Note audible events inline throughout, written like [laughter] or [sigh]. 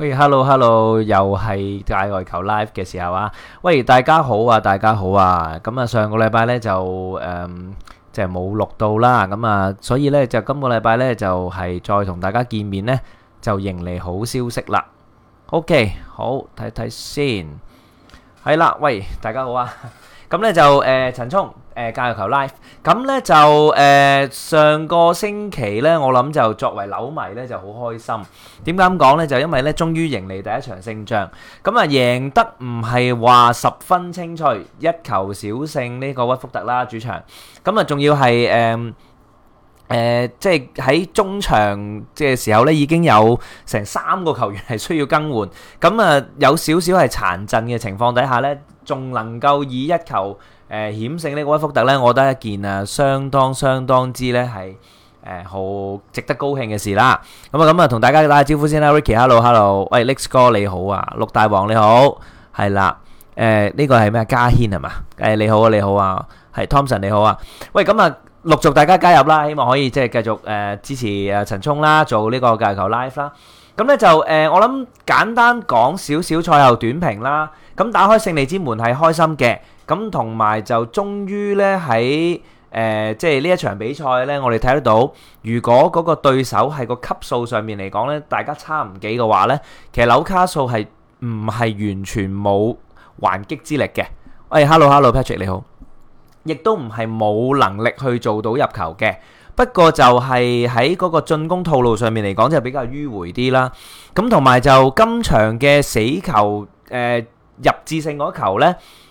喂、hey，hello hello，又係界外球 live 嘅時候啊！喂，大家好啊，大家好啊！咁啊，上個禮拜咧就誒、嗯、就冇、是、錄到啦，咁啊，所以咧就今個禮拜咧就係、是、再同大家見面咧就迎嚟好消息啦。OK，好，睇睇先。係啦，喂，大家好啊！咁咧就誒，陳、呃、沖。陳沖誒，界外球 Live，咁咧就誒，上個星期咧，我諗就作為扭迷咧，就好開心。點解咁講咧？就因為咧，終於迎嚟第一場勝仗。咁啊，贏得唔係話十分清脆，一球小勝呢個屈福特啦主場。咁啊，仲要係誒誒，即係喺中場即係時候咧，已經有成三個球員係需要更換。咁啊，有少少係殘陣嘅情況底下咧，仲能夠以一球。誒險勝呢個威福特咧，我覺得一件啊，相當相當之咧係誒好值得高興嘅事啦。咁啊咁啊，同大家打下招呼先啦，Ricky，hello hello，喂、hey，Lex 哥你好啊，陸大王你好，係啦。誒、呃、呢、這個係咩？嘉軒係嘛？誒你好啊你好啊，係、啊、Tomson 你好啊。喂咁啊、嗯，陸續大家加入啦，希望可以即係繼續誒、呃、支持誒陳沖啦，做呢個界外球 live 啦。咁、嗯、咧就誒、呃，我諗簡單講少，少少賽後短評啦。咁打開勝利之門係開心嘅。咁同埋就，終於咧喺誒，即係呢一場比賽咧，我哋睇得到，如果嗰個對手係個級數上面嚟講咧，大家差唔幾嘅話咧，其實紐卡素係唔係完全冇還擊之力嘅？喂，Hello，Hello，Patrick 你好，亦都唔係冇能力去做到入球嘅。不過就係喺嗰個進攻套路上面嚟講，就比較迂迴啲啦。咁同埋就今場嘅死球誒入致勝嗰球咧。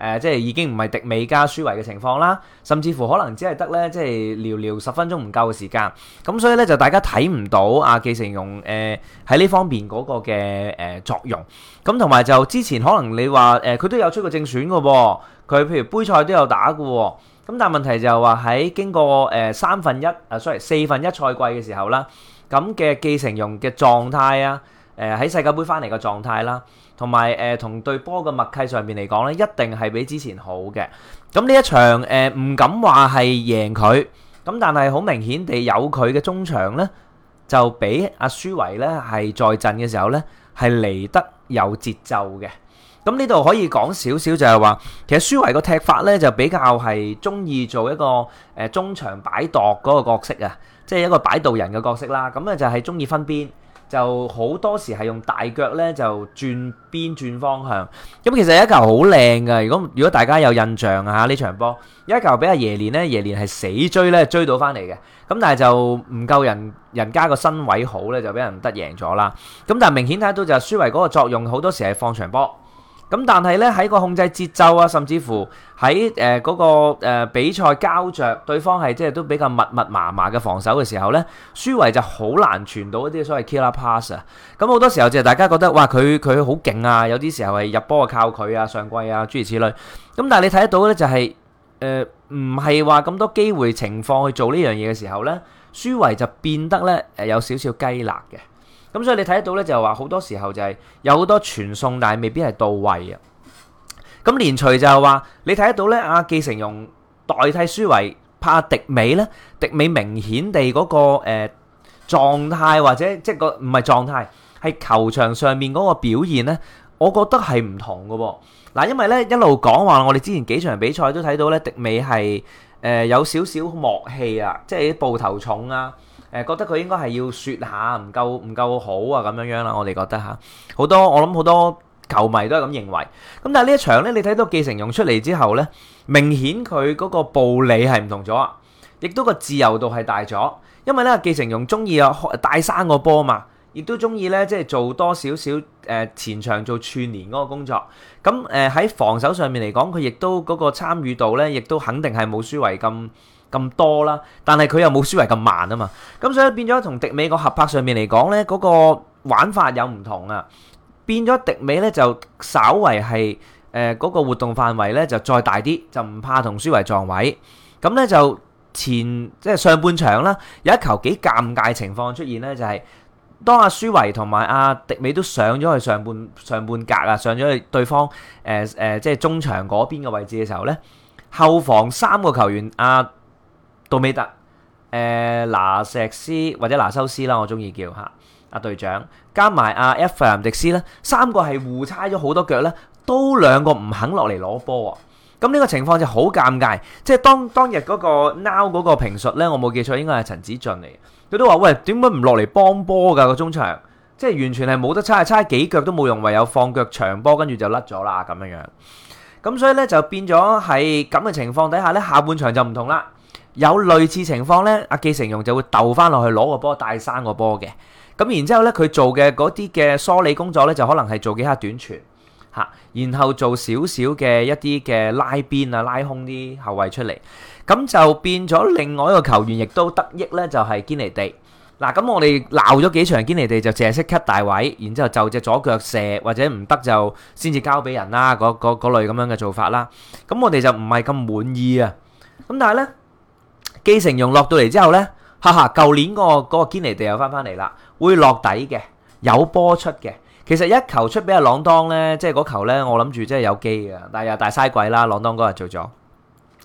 誒即係已經唔係迪美加輸維嘅情況啦，甚至乎可能只係得咧，即係寥寥十分鐘唔夠嘅時間。咁所以咧就大家睇唔到啊，繼承容誒喺呢方面嗰個嘅誒作用。咁同埋就之前可能你話誒佢都有出過正選嘅喎、哦，佢譬如杯賽都有打嘅喎、哦。咁但係問題就係話喺經過誒、呃、三分一啊，sorry、呃、四分一賽季嘅時候啦，咁嘅繼承容嘅狀態啊，誒、呃、喺世界盃翻嚟嘅狀態啦。同埋誒同對波嘅默契上面嚟講咧，一定係比之前好嘅。咁呢一場誒唔敢話係贏佢，咁但係好明顯地有佢嘅中場咧，就比阿舒維咧係在陣嘅時候咧係嚟得有節奏嘅。咁呢度可以講少少就係話，其實舒維個踢法咧就比較係中意做一個誒中場擺渡嗰個角色啊，即係一個擺渡人嘅角色啦。咁咧就係中意分邊。就好多時係用大腳咧，就轉邊轉方向。咁其實一球好靚㗎，如果如果大家有印象啊，呢場波一球俾阿耶連咧，耶連係死追咧，追到翻嚟嘅。咁但係就唔夠人，人家個身位好咧，就俾人得贏咗啦。咁但係明顯睇到就係蘇維嗰個作用，好多時係放長波，咁但係咧喺個控制節奏啊，甚至乎喺誒嗰個、呃、比賽膠着，對方係即係都比較密密麻麻嘅防守嘅時候咧，舒維就好難傳到一啲所謂 killer pass 啊。咁好多時候就大家覺得哇，佢佢好勁啊！有啲時候係入波啊靠佢啊，上季啊諸如此類。咁、啊、但係你睇得到咧，就係誒唔係話咁多機會情況去做呢樣嘢嘅時候咧，舒維就變得咧誒有少少雞肋嘅。咁所以你睇得到咧，就係話好多時候就係有好多傳送，但係未必係到位啊。咁連隨就係話你睇得到咧，阿繼承用代替舒維拍迪美咧，迪美明顯地嗰、那個誒、呃、狀態或者即係個唔係狀態，係球場上面嗰個表現咧，我覺得係唔同嘅喎。嗱，因為咧一路講話，我哋之前幾場比賽都睇到咧，迪美係誒、呃、有少少磨氣啊，即係啲步頭重啊。誒，覺得佢應該係要説下唔夠唔夠好啊，咁樣樣啦，我哋覺得嚇好多，我諗好多球迷都係咁認為。咁但係呢一場咧，你睇到繼承容出嚟之後咧，明顯佢嗰個步理係唔同咗，亦都個自由度係大咗。因為咧，繼承容中意啊帶三個波嘛，亦都中意咧，即係做多少少誒，前場做串連嗰個工作。咁誒，喺防守上面嚟講，佢亦都嗰個參與度咧，亦都肯定係冇舒維咁咁多啦，但係佢又冇舒維咁慢啊嘛，咁所以變咗同迪美個合拍上面嚟講呢，嗰個玩法有唔同啊，變咗迪美呢就稍為係誒嗰個活動範圍呢就再大啲，就唔怕同舒維撞位，咁呢就前即係上半場啦，有一球幾尷尬情況出現呢，就係當阿舒維同埋阿迪美都上咗去上半上半格啊，上咗去對方誒誒即係中場嗰邊嘅位置嘅時候呢，後防三個球員啊杜美特、誒、呃、拿石斯或者拿修斯啦，我中意叫嚇阿、啊、隊長，加埋阿埃弗林迪斯咧，三個係互猜咗好多腳呢，都兩個唔肯落嚟攞波啊！咁呢個情況就好尷尬，即係當當日嗰個 Now 嗰個評述呢，我冇記錯應該係陳子俊嚟，佢都話：喂，點解唔落嚟幫波㗎？個中場即係完全係冇得猜，猜幾腳都冇用，唯有放腳長波，跟住就甩咗啦咁樣樣。咁所以呢，就變咗係咁嘅情況底下呢，下半場就唔同啦。有類似情況呢，阿繼成容就會鬥翻落去攞個波帶三個波嘅。咁然之後呢，佢做嘅嗰啲嘅梳理工作呢，就可能係做幾下短傳嚇，然後做少少嘅一啲嘅拉邊啊、拉空啲後衞出嚟。咁就變咗另外一個球員亦都得益呢，就係堅尼地嗱。咁我哋鬧咗幾場，堅尼地就淨係識 cut 大位，然之後就隻左腳射或者唔得就先至交俾人啦。嗰類咁樣嘅做法啦。咁我哋就唔係咁滿意啊。咁但係呢。基成容落到嚟之後呢，哈哈！舊年嗰、那個嗰、那個、堅尼地又翻翻嚟啦，會落底嘅，有波出嘅。其實一球出俾阿朗當呢，即係嗰球呢，我諗住真係有機嘅，但係又大嘥鬼啦！朗當嗰日做咗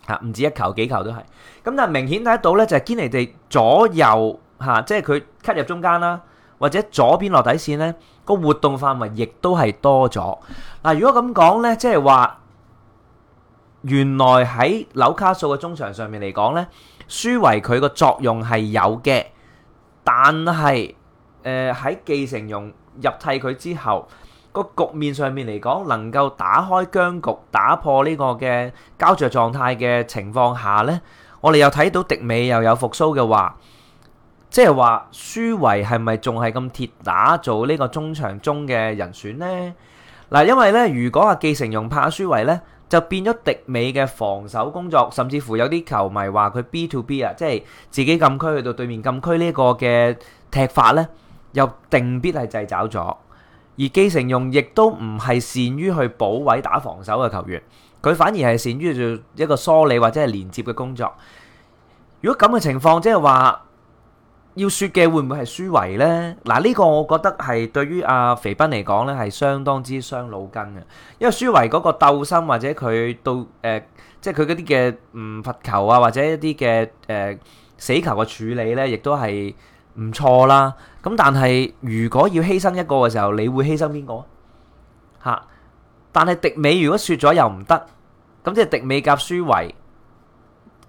嚇，唔、啊、止一球，幾球都係。咁但明顯睇到呢，就係、是、堅尼地左右嚇、啊，即係佢 cut 入中間啦，或者左邊落底線呢，個活動範圍亦都係多咗。嗱、啊，如果咁講呢，即係話原來喺紐卡素嘅中場上面嚟講呢。舒維佢個作用係有嘅，但係誒喺紀承榮入替佢之後，個局面上面嚟講，能夠打開僵局，打破呢個嘅膠着狀態嘅情況下呢，我哋又睇到迪美又有復蘇嘅話，即係話舒維係咪仲係咁鐵打做呢個中場中嘅人選呢？嗱，因為呢，如果話紀承榮拍舒維呢。就變咗迪美嘅防守工作，甚至乎有啲球迷話佢 B to B 啊，即係自己禁區去到對面禁區呢個嘅踢法呢，又定必係制找咗。而奇成容亦都唔係善於去補位打防守嘅球員，佢反而係善於做一個梳理或者係連接嘅工作。如果咁嘅情況，即係話。要説嘅會唔會係舒維呢？嗱、啊，呢、呢個我覺得係對於阿、啊、肥斌嚟講呢，係相當之傷腦筋嘅，因為舒維嗰個鬥心或者佢到誒，即係佢嗰啲嘅唔罰球啊或者一啲嘅誒死球嘅處理呢，亦都係唔錯啦。咁但係如果要犧牲一個嘅時候，你會犧牲邊個？嚇、啊！但係迪美如果説咗又唔得，咁即係迪美夾舒維，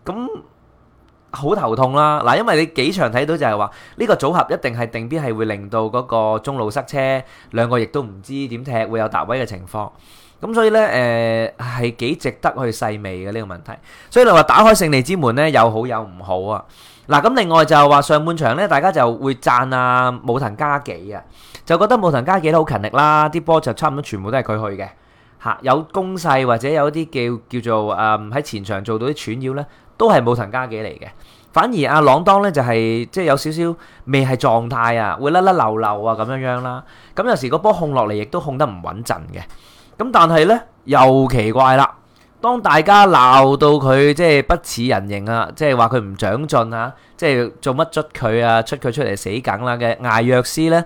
咁。好頭痛啦！嗱，因為你幾場睇到就係話呢個組合一定係定必係會令到嗰個中路塞車，兩個亦都唔知點踢會有達威嘅情況。咁所以呢，誒係幾值得去細微嘅呢個問題。所以你話打開勝利之門呢，有好有唔好啊！嗱，咁另外就係話上半場呢，大家就會讚啊武藤嘉紀啊，就覺得武藤嘉紀都好勤力啦，啲波就差唔多全部都係佢去嘅吓，有攻勢或者有啲叫叫做誒喺、呃、前場做到啲纏繞呢。都係武藤嘉紀嚟嘅，反而阿朗當咧就係即係有少少未係狀態啊，會甩甩流流啊咁樣樣啦。咁有時個波控落嚟亦都控得唔穩陣嘅。咁但係咧又奇怪啦，當大家鬧到佢即係不似人形啊，即係話佢唔長進啊，即係做乜捉佢啊，出佢出嚟死梗啦嘅艾約斯咧，呢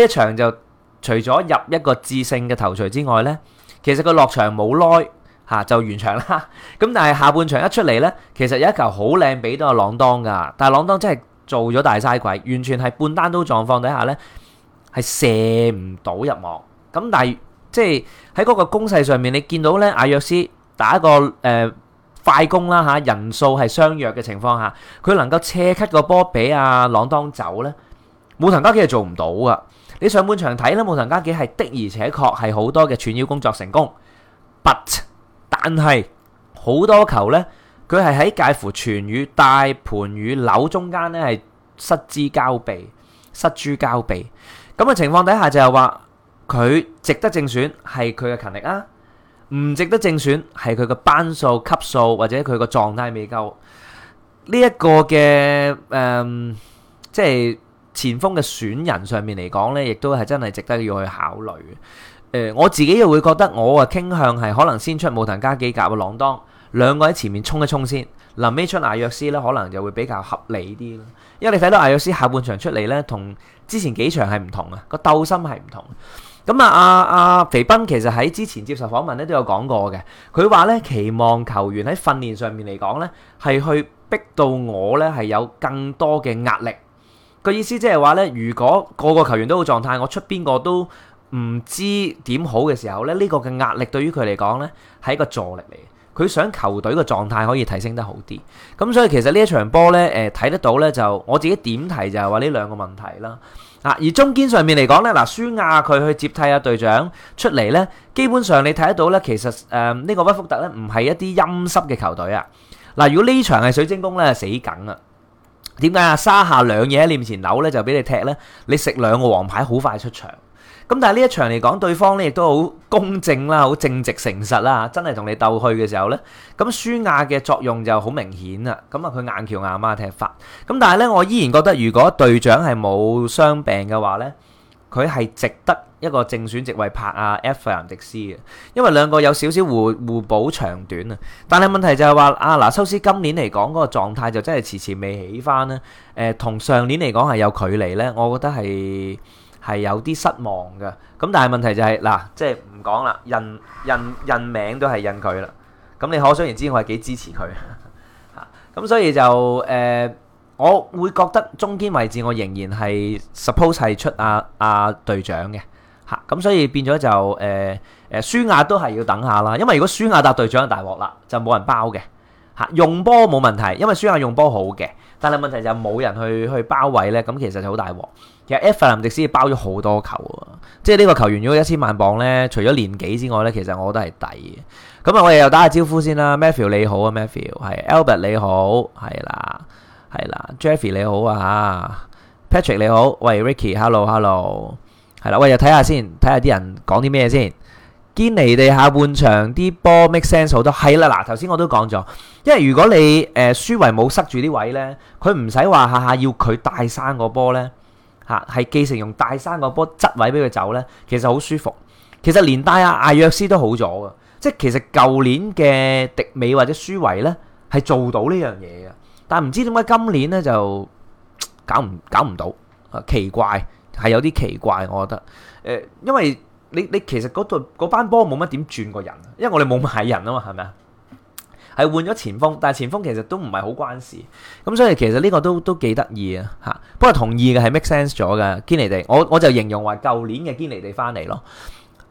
一場就除咗入一個致勝嘅頭槌之外咧，其實佢落場冇耐。啊，就完場啦。咁但係下半場一出嚟咧，其實有一球好靚，俾到阿朗當噶。但係朗當真係做咗大嘥鬼，完全係半單刀狀況底下咧，係射唔到入網。咁但係即係喺嗰個攻勢上面，你見到咧，阿約斯打一個誒快攻啦嚇，人數係相約嘅情況下，佢能夠斜 cut 個波俾阿朗當走咧，武藤嘉紀係做唔到噶。你上半場睇咧，武藤嘉紀係的而且確係好多嘅串腰工作成功，but 但係好多球呢，佢係喺介乎全與、大盤與樓中間呢係失之交臂、失之交臂。咁嘅情況底下就係話，佢值得正選係佢嘅勤力啊，唔值得正選係佢嘅班數級數或者佢個狀態未夠。呢、這、一個嘅誒，即、呃、係、就是、前鋒嘅選人上面嚟講呢亦都係真係值得要去考慮。誒，我自己又會覺得我啊傾向係可能先出武藤加幾格嘅朗當兩個喺前面衝一衝先，臨尾出阿約斯咧可能就會比較合理啲咯。因為你睇到阿約斯下半場出嚟咧，同之前幾場係唔同，鬥同啊，個鬥心係唔同。咁啊，阿阿肥斌其實喺之前接受訪問咧都有講過嘅，佢話咧期望球員喺訓練上面嚟講咧係去逼到我咧係有更多嘅壓力。個意思即係話咧，如果個個球員都好狀態，我出邊個都。唔知點好嘅時候咧，呢個嘅壓力對於佢嚟講咧，係一個助力嚟嘅。佢想球隊嘅狀態可以提升得好啲。咁所以其實呢一場波咧，誒睇得到咧，就我自己點提就係話呢兩個問題啦。嗱，而中堅上面嚟講咧，嗱，舒亞佢去接替阿隊長出嚟咧，基本上你睇得到咧，其實誒呢個屈福特咧唔係一啲陰濕嘅球隊啊。嗱，如果呢場係水晶宮咧，死梗啊！點解啊？沙下兩嘢喺你面前扭咧，就俾你踢咧，你食兩個黃牌好快出場。咁但係呢一場嚟講，對方咧亦都好公正啦，好正直誠實啦，真係同你鬥去嘅時候呢，咁舒亞嘅作用就好明顯啊！咁啊，佢硬橋硬馬踢法。咁但係呢，我依然覺得如果隊長係冇傷病嘅話呢，佢係值得一個正選席位拍阿費南迪斯嘅，因為兩個有少少互互補長短啊。但係問題就係話，阿拿修斯今年嚟講嗰個狀態就真係遲遲未起翻呢誒，同、呃、上年嚟講係有距離呢，我覺得係。係有啲失望嘅，咁但係問題就係、是、嗱，即係唔講啦，印印印名都係印佢啦，咁你可想而知我係幾支持佢，咁 [laughs] [laughs] 所以就誒、呃、我會覺得中間位置我仍然係 [laughs] suppose 係出阿阿隊長嘅，吓、啊、咁所以變咗就誒誒舒亞都係要等下啦，因為如果舒亞搭隊長就大鑊啦，就冇人包嘅，吓、啊、用波冇問題，因為舒亞用波好嘅，但係問題就冇人去去包位咧，咁其實就好大鑊。其實埃弗蘭迪斯包咗好多球啊，即係呢個球員如果一千萬磅咧，除咗年紀之外咧，其實我覺得係抵嘅。咁啊，我哋又打下招呼先啦，Matthew 你好啊，Matthew 係 Albert 你好係啦係啦，Jeffrey 你好啊 Patrick 你好，喂 Ricky hello hello 係啦，喂又睇下先睇下啲人講啲咩先。堅尼地下半場啲波 make sense 好多係啦嗱，頭先我都講咗，因為如果你誒舒維冇塞住啲位咧，佢唔使話下下要佢帶生個波咧。嚇，係繼承用大山個波側位俾佢走咧，其實好舒服。其實連帶阿艾約斯都好咗噶，即係其實舊年嘅迪美或者舒維咧係做到呢樣嘢嘅，但唔知點解今年咧就搞唔搞唔到啊？奇怪，係有啲奇怪，我覺得。誒、呃，因為你你其實嗰度嗰班波冇乜點轉過人，啊，因為我哋冇買人啊嘛，係咪啊？係換咗前鋒，但係前鋒其實都唔係好關事，咁所以其實呢個都都幾得意啊嚇！不過同意嘅係 make sense 咗嘅堅尼地，我我就形容話舊年嘅堅尼地翻嚟咯，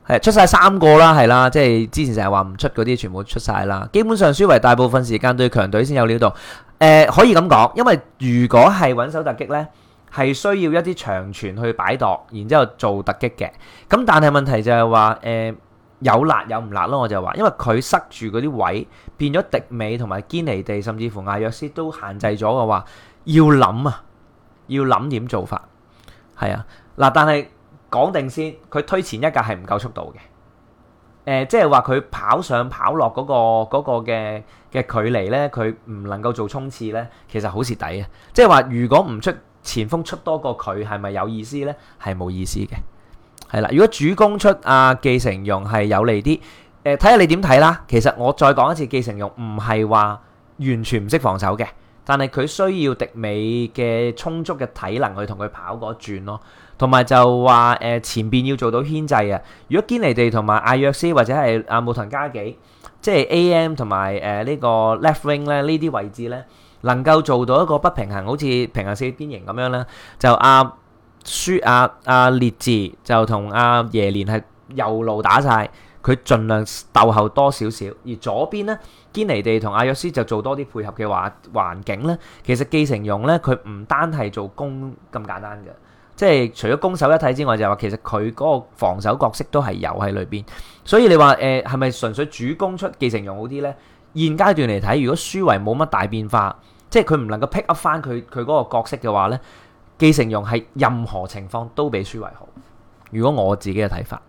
係出晒三個啦，係啦，即係之前成日話唔出嗰啲全部出晒啦，基本上輸為大部分時間都要強隊先有料到，誒、呃、可以咁講，因為如果係穩守突擊呢，係需要一啲長傳去擺度，然之後做突擊嘅，咁但係問題就係話誒。呃有辣有唔辣咯，我就話，因為佢塞住嗰啲位，變咗迪美同埋堅尼地，甚至乎亞約斯都限制咗嘅話，要諗啊，要諗點做法。係啊，嗱，但係講定先，佢推前一格係唔夠速度嘅。誒、呃，即係話佢跑上跑落嗰個嘅嘅距離咧，佢唔能夠做衝刺咧，其實好蝕底啊。即係話，如果唔出前鋒出多個佢，係咪有意思咧？係冇意思嘅。係啦，如果主攻出阿奇成容係有利啲，誒，睇下你點睇啦。其實我再講一次，奇成容唔係話完全唔識防守嘅，但係佢需要迪美嘅充足嘅體能去同佢跑嗰轉咯。同、啊、埋就話誒、呃、前邊要做到牽制啊。如果堅尼地同埋阿約斯或者係阿武藤嘉紀，即係 AM 同埋誒呢個 left wing 咧呢啲位置咧，能夠做到一個不平衡，好似平衡四邊形咁樣咧，就阿。啊舒阿阿列治就同阿、啊、耶連係右路打晒，佢盡量鬥後多少少。而左邊呢，堅尼地同阿約斯就做多啲配合嘅話環境呢其實紀成勇呢，佢唔單係做攻咁簡單嘅，即係除咗攻守一體之外，就係話其實佢嗰個防守角色都係有喺裏邊。所以你話誒係咪純粹主攻出紀成勇好啲呢？現階段嚟睇，如果舒維冇乜大變化，即係佢唔能夠 pick up 翻佢佢嗰個角色嘅話呢。既承用係任何情況都比輸為好。如果我自己嘅睇法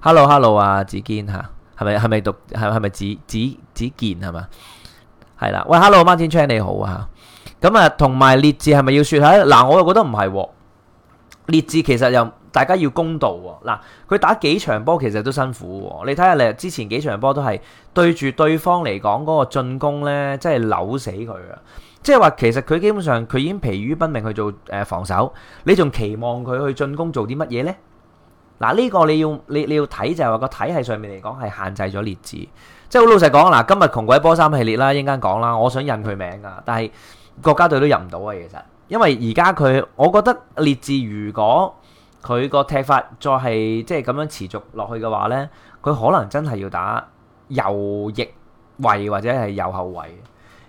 ，Hello Hello, Hello 啊，子堅嚇，係咪係咪讀係係咪子子子健係嘛？係啦，喂 Hello Martin Chen 你好啊嚇。咁啊同埋列治係咪要説下，嗱我又覺得唔係喎。列治其實又大家要公道喎。嗱、啊、佢打幾場波其實都辛苦喎、啊啊啊。你睇下你之前幾場波都係對住對方嚟講嗰個進攻咧，真係扭死佢啊！即係話，其實佢基本上佢已經疲於奔命去做誒防守，你仲期望佢去進攻做啲乜嘢呢？嗱，呢個你要你你要睇就係話個體系上面嚟講係限制咗列治。即係好老實講，嗱，今日窮鬼波衫系列啦，一陣間講啦，我想印佢名噶，但係國家隊都入唔到啊，其實。因為而家佢，我覺得列治如果佢個踢法再係即係咁樣持續落去嘅話呢，佢可能真係要打右翼位，或者係右後衛。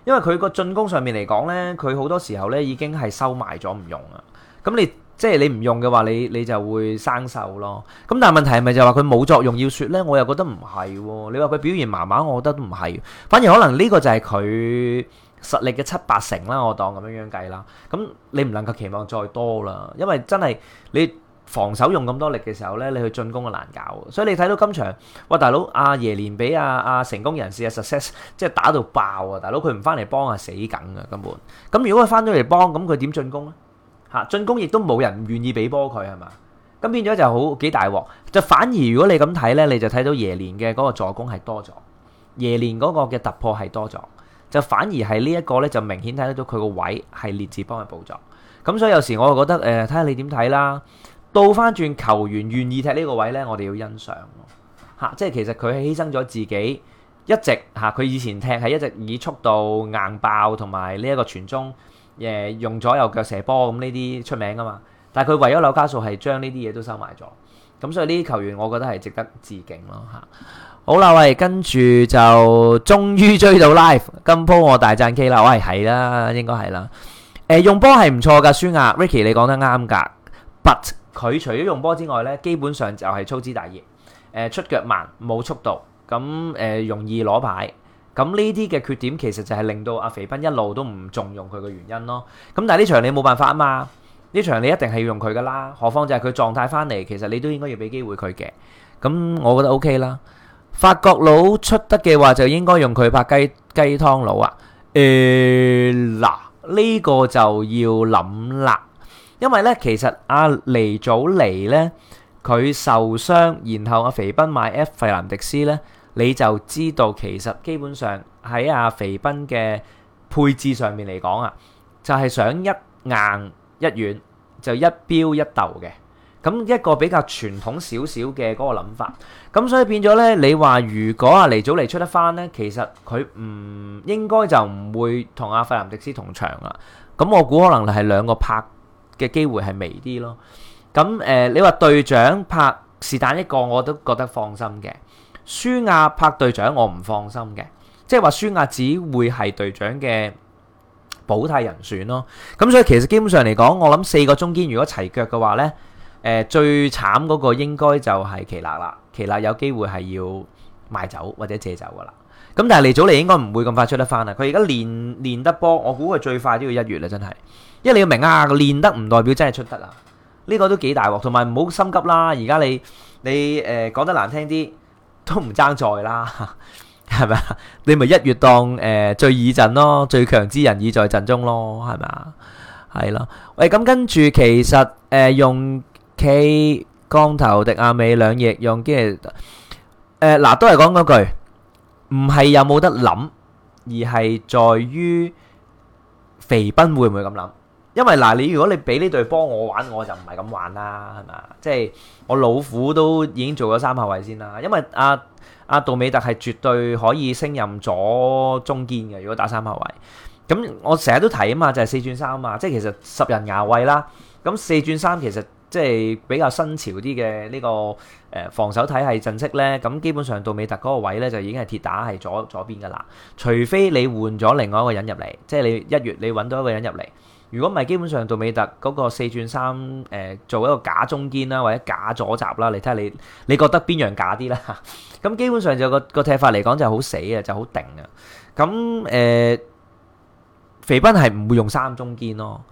因為佢個進攻上面嚟講呢，佢好多時候呢已經係收埋咗唔用啊。咁你即係、就是、你唔用嘅話，你你就會生銹咯。咁但係問題係咪就話佢冇作用要說呢，我又覺得唔係、啊。你話佢表現麻麻，我覺得唔係、啊。反而可能呢個就係佢實力嘅七八成啦。我當咁樣樣計啦。咁你唔能夠期望再多啦，因為真係你。防守用咁多力嘅時候呢，你去進攻嘅難搞。所以你睇到今場喂，大佬阿、啊、耶連俾阿阿成功人士阿 Success 即係打到爆啊！大佬佢唔翻嚟幫啊死梗啊，根本咁。如果佢翻咗嚟幫，咁佢點進攻呢？嚇進攻亦都冇人願意俾波佢係嘛？咁變咗就好幾大鑊。就反而如果你咁睇呢，你就睇到耶連嘅嗰個助攻係多咗，耶連嗰個嘅突破係多咗，就反而係呢一個呢，就明顯睇得到佢個位係列治邦佢補助咁。所以有時我就覺得誒，睇、呃、下你點睇啦。倒翻轉球員願意踢呢個位呢，我哋要欣賞吓、啊，即係其實佢係犧牲咗自己，一直吓佢、啊、以前踢係一直以速度硬爆同埋呢一個傳中，誒、呃、用左右腳射波咁呢啲出名噶嘛，但係佢唯一紐卡素係將呢啲嘢,都收埋咗，咁所以呢啲球員我覺得係值得致敬咯吓。啊、好啦，喂，跟住就終於追到 live，今鋪我大贊 K 啦，我係係啦，應該係啦。誒、呃，用波係唔錯噶，舒亞 Ricky 你講得啱噶，but 佢除咗用波之外咧，基本上就係粗枝大葉，誒、呃、出腳慢冇速度，咁、呃、誒容易攞牌，咁呢啲嘅缺點其實就係令到阿肥斌一路都唔重用佢嘅原因咯。咁但係呢場你冇辦法啊嘛，呢場你一定係要用佢噶啦，何況就係佢狀態翻嚟，其實你都應該要俾機會佢嘅。咁、嗯、我覺得 OK 啦。法國佬出得嘅話，就應該用佢拍雞雞湯佬啊。誒、呃、嗱，呢、這個就要諗啦。因為咧，其實阿尼祖尼咧佢受傷，然後阿肥斌買 F 費蘭迪斯咧，你就知道其實基本上喺阿肥斌嘅配置上面嚟講啊，就係想一硬一軟，就一標一鬥嘅。咁一個比較傳統少少嘅嗰個諗法。咁所以變咗咧，你話如果阿尼祖尼出得翻咧，其實佢唔應該就唔會同阿費南迪斯同場啦。咁我估可能係兩個拍嘅機會係微啲咯，咁、嗯、誒，你話隊長拍是但一個，我都覺得放心嘅。舒亞拍隊長，我唔放心嘅，即係話舒亞只會係隊長嘅補替人選咯。咁、嗯、所以其實基本上嚟講，我諗四個中堅如果齊腳嘅話呢，誒、呃、最慘嗰個應該就係奇勒啦。奇勒有機會係要賣走或者借走噶啦。咁、嗯、但係黎祖尼應該唔會咁快出得翻啦。佢而家練練得波，我估佢最快都要一月啦，真係。因為你要明啊，練得唔代表真係出得啊，呢個都幾大鑊。同埋唔好心急啦，而家你你誒講得難聽啲都唔爭在啦，係咪啊？你咪一月當誒最以陣咯，最強之人已在陣中咯，係咪啊？係咯。喂，咁跟住其實誒用企光頭迪亞美兩翼用，跟住誒嗱都係講嗰句，唔係有冇得諗，而係在於肥斌會唔會咁諗？因為嗱，你如果你俾呢隊幫我玩，我就唔係咁玩啦，係嘛？即係我老虎都已經做咗三後衛先啦。因為阿、啊、阿、啊、杜美特係絕對可以升任左中堅嘅。如果打三後衛，咁我成日都提啊嘛，就係、是、四轉三啊嘛。即係其實十人牙位啦。咁四轉三其實即係比較新潮啲嘅呢個誒防守體系陣式咧。咁基本上杜美特嗰個位咧就已經係鐵打係左左邊噶啦。除非你換咗另外一個人入嚟，即係你一月你揾到一個人入嚟。如果唔係，基本上杜美特嗰個四轉三，誒、呃、做一個假中堅啦，或者假左閘啦，你睇下你，你覺得邊樣假啲啦？咁基本上就個個踢法嚟講就好死嘅，就好定嘅。咁誒、呃，肥斌係唔會用三中堅咯，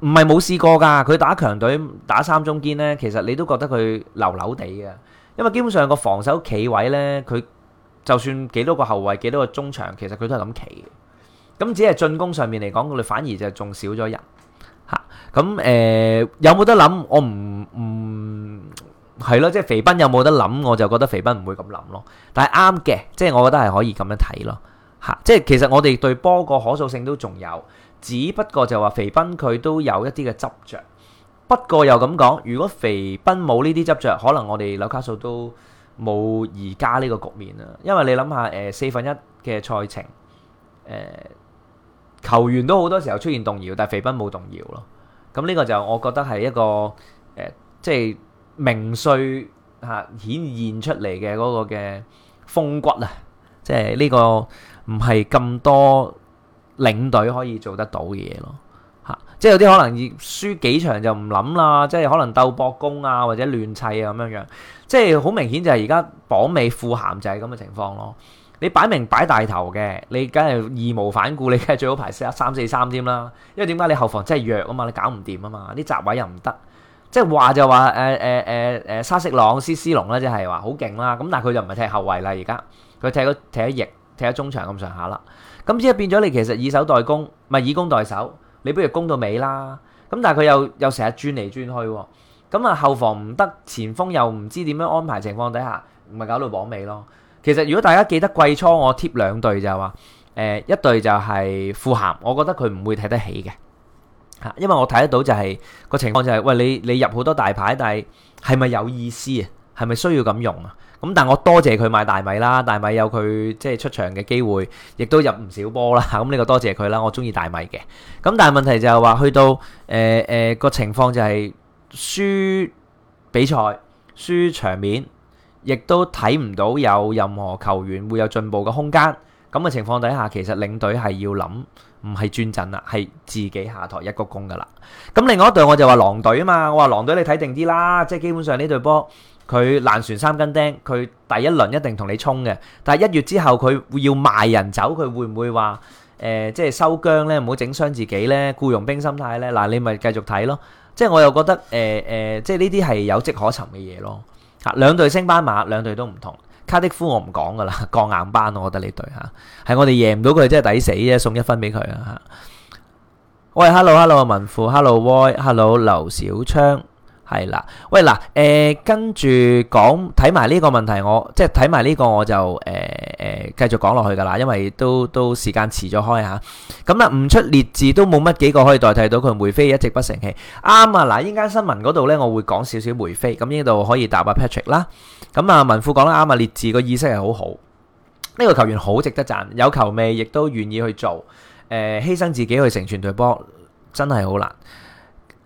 唔係冇試過㗎。佢打強隊打三中堅咧，其實你都覺得佢流流地嘅，因為基本上個防守企位咧，佢就算幾多個後衞、幾多個中場，其實佢都係咁企。咁只係進攻上面嚟講，我哋反而就仲少咗人嚇。咁、啊、誒、呃、有冇得諗？我唔唔係咯，即、嗯、係、就是、肥斌有冇得諗？我就覺得肥斌唔會咁諗咯。但係啱嘅，即、就、係、是、我覺得係可以咁樣睇咯嚇。即、啊、係、就是、其實我哋對波個可塑性都仲有，只不過就話肥斌佢都有一啲嘅執着。不過又咁講，如果肥斌冇呢啲執着，可能我哋紐卡素都冇而家呢個局面啊。因為你諗下誒四分一嘅賽程誒。呃球員都好多時候出現動搖，但係肥賓冇動搖咯。咁呢個就我覺得係一個誒，即係名帥嚇顯現出嚟嘅嗰個嘅風骨啊，即係呢個唔係咁多領隊可以做得到嘅嘢咯。嚇、啊，即係有啲可能輸幾場就唔諗啦，即係可能鬥博攻啊，或者亂砌啊咁樣樣，即係好明顯就係而家榜尾富咸就係咁嘅情況咯。你擺明擺大頭嘅，你梗係義無反顧，你梗係最好排三三四三添啦。因為點解你後防真係弱啊嘛，你搞唔掂啊嘛，啲閘位又唔得。即係話就話誒誒誒誒沙色朗、斯斯隆啦，即係話好勁啦。咁但係佢就唔係踢後衞啦，而家佢踢咗踢咗翼、踢咗中場咁上下啦。咁只係變咗你其實以守代攻，咪以攻代守。你不如攻到尾啦。咁但係佢又又成日轉嚟轉去，咁啊後防唔得，前鋒又唔知點樣安排情況底下，唔係搞到綁尾咯。其實如果大家記得季初我貼兩隊就話，誒，一隊就係富咸，我覺得佢唔會睇得起嘅，吓，因為我睇得到就係個情況就係，喂，你你入好多大牌，但係係咪有意思啊？係咪需要咁用啊？咁但係我多謝佢買大米啦，大米有佢即係出場嘅機會，亦都入唔少波啦，咁呢個多謝佢啦，我中意大米嘅。咁但係問題就係話去到，誒誒個情況就係輸比賽，輸場面。亦都睇唔到有任何球員會有進步嘅空間，咁嘅情況底下，其實領隊係要諗，唔係轉陣啦，係自己下台一鞠躬噶啦。咁另外一隊我就話狼隊啊嘛，我話狼隊你睇定啲啦，即係基本上呢隊波佢爛船三根釘，佢第一輪一定同你衝嘅。但係一月之後佢會要賣人走，佢會唔會話誒即係收姜咧？唔好整傷自己咧，僱傭兵心態咧。嗱，你咪繼續睇咯。即係我又覺得誒誒，即係呢啲係有跡可尋嘅嘢咯。嚇，兩隊升班馬，兩隊都唔同。卡迪夫我唔講㗎喇，降硬班、啊、我覺得呢隊嚇，係、啊、我哋贏唔到佢真係抵死啫，送一分畀佢啊嚇。喂，hello hello 文富，hello boy，hello 劉小昌。係啦，喂、呃、嗱，誒，跟住講睇埋呢個問題我，我即係睇埋呢個我就誒誒、呃呃、繼續講落去噶啦，因為都都時間遲咗開吓，咁啦，唔、嗯、出列治都冇乜幾個可以代替到佢梅飛一直不成器，啱啊，嗱呢間新聞嗰度咧我會講少少梅飛，咁呢度可以答阿 Patrick 啦，咁、嗯、啊文富講得啱啊，列治個意識係好好，呢、這個球員好值得讚，有球味，亦都願意去做，誒、呃、犧牲自己去成全隊波，真係好難。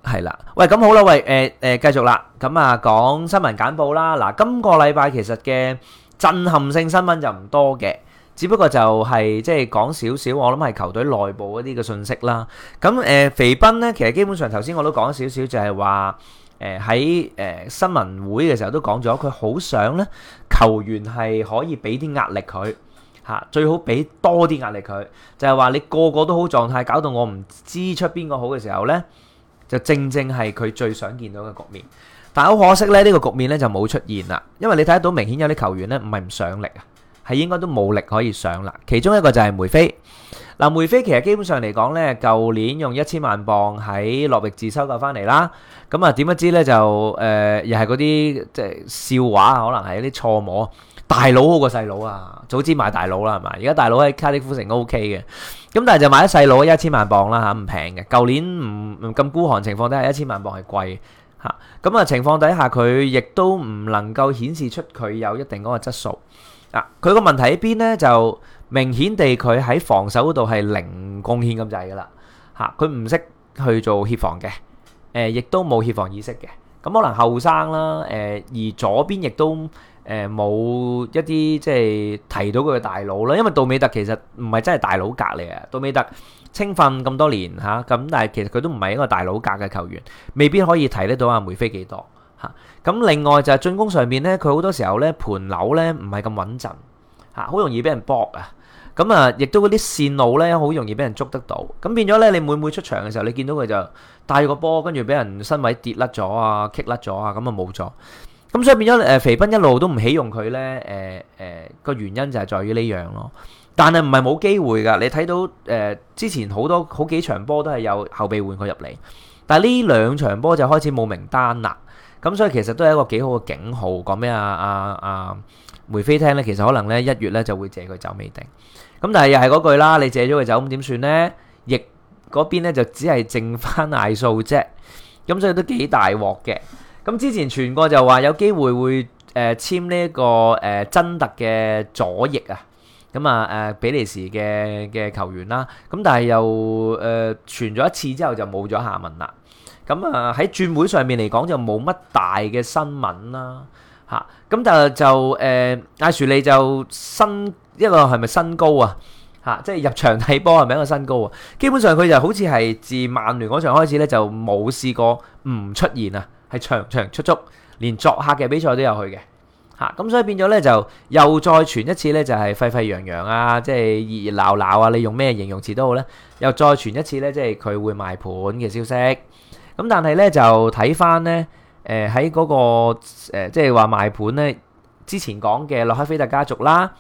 係啦，喂，咁好啦，喂，誒，誒，繼續啦，咁啊，講新聞簡報啦，嗱，今個禮拜其實嘅震撼性新聞就唔多嘅，只不過就係即係講少少，我諗係球隊內部嗰啲嘅信息啦，咁誒，肥斌咧，其實基本上頭先我都講少少，就係話，誒喺誒新聞會嘅時候都講咗，佢好想咧球員係可以俾啲壓力佢，吓，最好俾多啲壓力佢，就係話你個個都好狀態，搞到我唔知出邊個好嘅時候咧。就正正係佢最想見到嘅局面，但好可惜咧，呢、呢個局面咧就冇出現啦。因為你睇得到明顯有啲球員咧唔係唔上力啊，係應該都冇力可以上啦。其中一個就係梅菲，嗱、呃、梅菲其實基本上嚟講咧，舊年用一千萬鎊喺諾域治收購翻嚟啦，咁啊點不知咧就誒、呃，又係嗰啲即係笑話，可能係一啲錯摸。大佬好過細佬啊！早知買大佬啦，係嘛？而家大佬喺卡迪夫城 OK 嘅，咁但係就買咗細佬一千萬磅啦嚇，唔平嘅。舊年唔唔咁孤寒情況底下，一千萬磅係貴嚇。咁啊情況底下，佢亦都唔能夠顯示出佢有一定嗰個質素啊。佢個問題喺邊呢？就明顯地佢喺防守嗰度係零貢獻咁滯㗎啦嚇。佢唔識去做協防嘅，誒亦都冇協防意識嘅。咁可能後生啦，誒而左邊亦都。誒冇一啲即係提到佢嘅大佬啦，因為杜美特其實唔係真係大佬格嚟嘅。杜美特青訓咁多年嚇，咁、啊、但係其實佢都唔係一個大佬格嘅球員，未必可以提得到阿梅菲幾多嚇。咁、啊、另外就係、是、進攻上面咧，佢好多時候咧盤扭咧唔係咁穩陣嚇，好、啊、容易俾人搏啊。咁啊，亦都嗰啲線路咧好容易俾人捉得到。咁、啊、變咗咧，你每每出場嘅時候，你見到佢就帶個波，跟住俾人身位跌甩咗啊棘甩咗啊，咁啊冇咗。咁所以變咗誒，肥斌一路都唔起用佢咧。誒誒個原因就係在於呢樣咯。但係唔係冇機會㗎。你睇到誒、呃、之前好多好幾場波都係有後備換佢入嚟，但係呢兩場波就開始冇名單啦。咁所以其實都係一個幾好嘅警號。講畀阿啊啊，啊梅菲聽咧，其實可能咧一月咧就會借佢走未定。咁但係又係嗰句啦，你借咗佢走，咁點算咧？亦嗰邊咧就只係剩翻捱數啫。咁所以都幾大鑊嘅。咁之前傳過就話有機會會誒簽呢一個誒真特嘅左翼啊，咁啊誒比利時嘅嘅球員啦。咁但係又誒傳咗一次之後就冇咗下文啦。咁啊喺轉會上面嚟講就冇乜大嘅新聞啦嚇。咁但係就誒艾殊利就新一個係咪新高啊嚇？即係入場睇波係咪一個新高啊？基本上佢就好似係自曼聯嗰場開始咧就冇試過唔出現啊。係場場出足，連作客嘅比賽都有去嘅，嚇、啊、咁所以變咗咧就又再傳一次咧，就係沸沸揚揚啊，即、就、係、是、熱熱鬧鬧啊，你用咩形容詞都好咧，又再傳一次咧，即係佢會賣盤嘅消息。咁、啊、但係咧就睇返咧，誒喺嗰個即係話賣盤咧，之前講嘅洛克菲特家族啦、啊，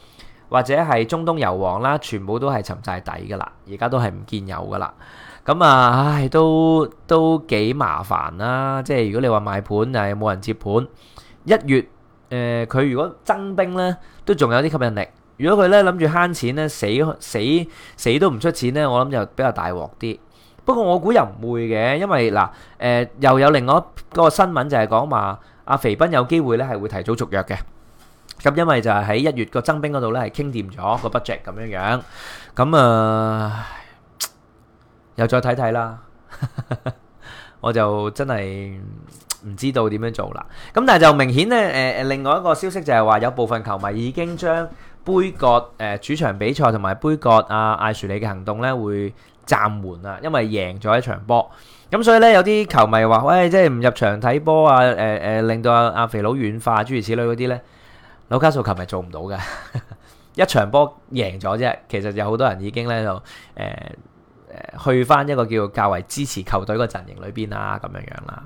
或者係中東油王啦、啊，全部都係沉晒底噶啦，而家都係唔見有噶啦。咁啊，唉，都都幾麻煩啦。即係如果你話賣盤，就係冇人接盤。一月，誒佢如果增兵咧，都仲有啲吸引力。如果佢咧諗住慳錢咧，死死死都唔出錢咧，我諗就比較大鍋大鑊啲。不過我估又唔會嘅，因為嗱，誒又有另外一個新聞就係講話阿肥斌有機會咧係會提早續約嘅。咁因為就係喺一月個增兵嗰度咧係傾掂咗個 budget 咁樣樣。咁啊～又再睇睇啦， [laughs] 我就真係唔知道點樣做啦。咁但係就明顯咧，誒、呃、誒，另外一個消息就係話，有部分球迷已經將杯葛誒、呃、主場比賽同埋杯葛阿、啊、艾殊利嘅行動咧，會暫緩啦，因為贏咗一場波。咁所以咧，有啲球迷話：喂，即係唔入場睇波啊！誒、呃、誒、呃，令到阿、啊、阿肥佬軟化諸如此類嗰啲咧，紐卡素球迷做唔到嘅。 [laughs] 一場波贏咗啫，其實有好多人已經咧就誒。呃呃去翻一個叫較為支持球隊個陣營裏邊啊，咁樣樣啦，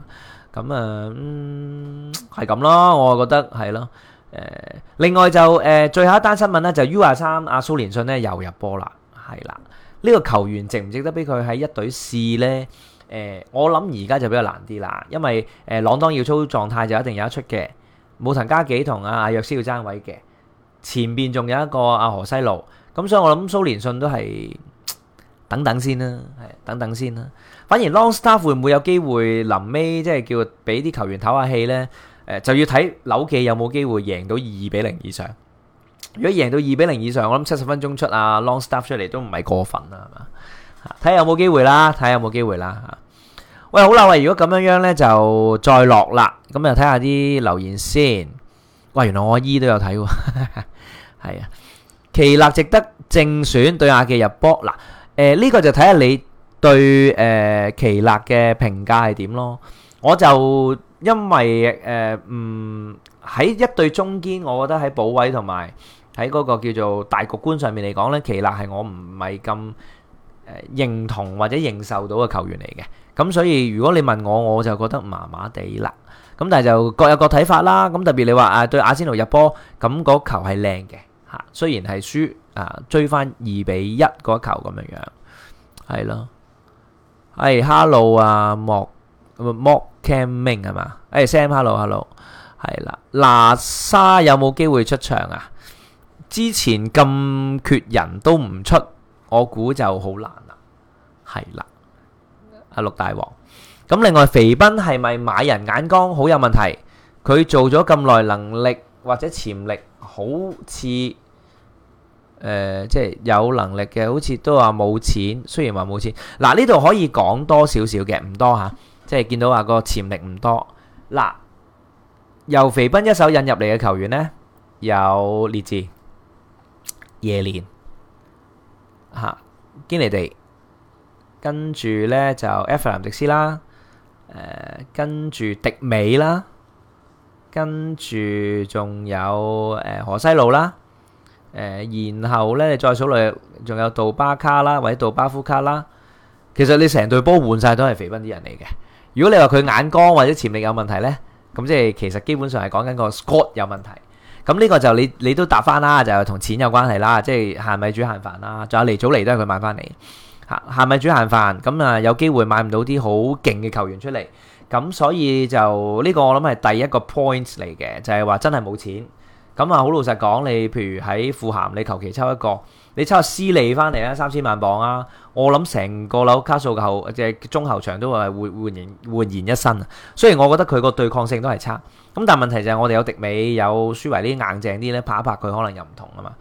咁、嗯、啊，係咁咯，我覺得係咯。誒，另外就誒、呃，最後一單新聞咧，就 U23 阿蘇連信呢又入波啦，係啦。呢、這個球員值唔值得俾佢喺一隊試呢？誒、呃，我諗而家就比較難啲啦，因為誒朗當要操狀態就一定有得出嘅，武藤嘉紀同啊阿若斯要爭位嘅，前邊仲有一個阿何西路，咁所以我諗蘇連信都係。等等先啦，係等等先啦。反而 Longstaff 會唔會有機會臨尾即係叫俾啲球員唞下氣咧？誒，就要睇紐記有冇機會贏到二比零以上。如果贏到二比零以上，我諗七十分鐘出啊，Longstaff 出嚟都唔係過分啦，係嘛？睇下有冇機會啦，睇下有冇機會啦嚇。喂，好啦，喂，如果咁樣樣咧，就再落啦。咁就睇下啲留言先。喂，原來我 E 都有睇喎，係啊。奇勒值得正選對阿記入波啦。誒，呢個就睇下你對誒奇拉嘅評價係點咯。我就因為誒，嗯，喺一隊中堅，我覺得喺補位同埋喺嗰個叫做大局觀上面嚟講咧，奇拉係我唔係咁誒認同或者認受到嘅球員嚟嘅。咁所以如果你問我，我就覺得麻麻地啦。咁但係就各有各睇法啦。咁特別你話誒對阿仙奴入波，咁嗰球係靚嘅吓，雖然係輸。啊、追翻二比一嗰球咁樣樣，係咯。哎，hello 啊，莫莫 camming 係嘛？哎，sam hello hello，係啦。那、啊、沙有冇機會出場啊？之前咁缺人都唔出，我估就好難啦、啊。係啦，阿、啊、陸大王。咁另外，肥斌係咪買人眼光好有問題？佢做咗咁耐，能力或者潛力好似。誒、呃，即係有能力嘅，好似都話冇錢。雖然話冇錢，嗱呢度可以講多少少嘅，唔多吓、啊，即係見到話個潛力唔多。嗱，由肥賓一手引入嚟嘅球員呢，有列治、耶連吓、堅尼地，跟住呢就埃弗蘭迪斯啦，誒、呃，跟住迪美啦，跟住仲有誒、呃、何西路啦。誒，然後咧，再數落，仲有杜巴卡啦，或者杜巴夫卡啦。其實你成隊波換晒都係肥賓啲人嚟嘅。如果你話佢眼光或者潛力有問題咧，咁即係其實基本上係講緊個 scout 有問題。咁呢個就你你都答翻啦，就係同錢有關係啦。即係限米煮限飯啦，就係嚟早嚟都係佢買翻嚟。限米煮限飯，咁啊有機會買唔到啲好勁嘅球員出嚟。咁所以就呢個我諗係第一個 point 嚟嘅，就係話真係冇錢。咁啊，好老實講，你譬如喺富咸，你求其抽一個，你抽阿斯利翻嚟啦，三千萬磅啊，我諗成個紐卡素後，即係中後場都話煥煥然煥然一新啊。雖然我覺得佢個對抗性都係差，咁但係問題就係我哋有迪美有舒維呢啲硬淨啲咧，拍一拍佢可能又唔同啊嘛。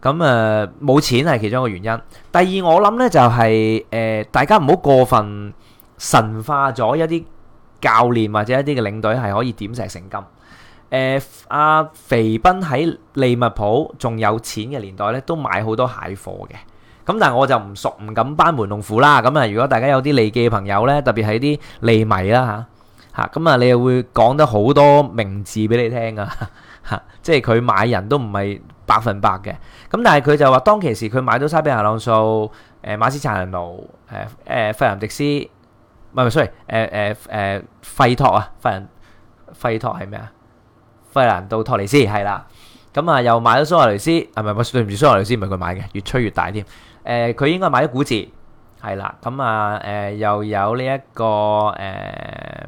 咁誒冇錢係其中一個原因。第二我諗咧就係誒大家唔好過分神化咗一啲教練或者一啲嘅領隊係可以點石成金。誒阿肥斌喺利物浦仲有錢嘅年代咧，都買好多蟹貨嘅。咁但係我就唔熟，唔敢班門弄斧啦。咁啊，如果大家有啲利記嘅朋友咧，特別係啲利迷啦嚇嚇，咁啊，啊，啊，你又會講得好多名字俾你聽啊。嚇、啊，即係佢買人都唔係百分百嘅。咁但係佢就話當其時佢買到沙比亞朗素、誒、啊、馬斯查倫奴、誒誒費蘭迪斯，唔係唔 sorry，誒誒誒費托啊，費仁費托係咩啊？費蘭到托尼斯係啦，咁啊又買咗蘇亞雷斯，係、啊、咪對唔住蘇亞雷斯唔係佢買嘅，越吹越大添。誒、呃、佢應該買咗古字係啦，咁啊誒又有呢、這、一個誒、呃、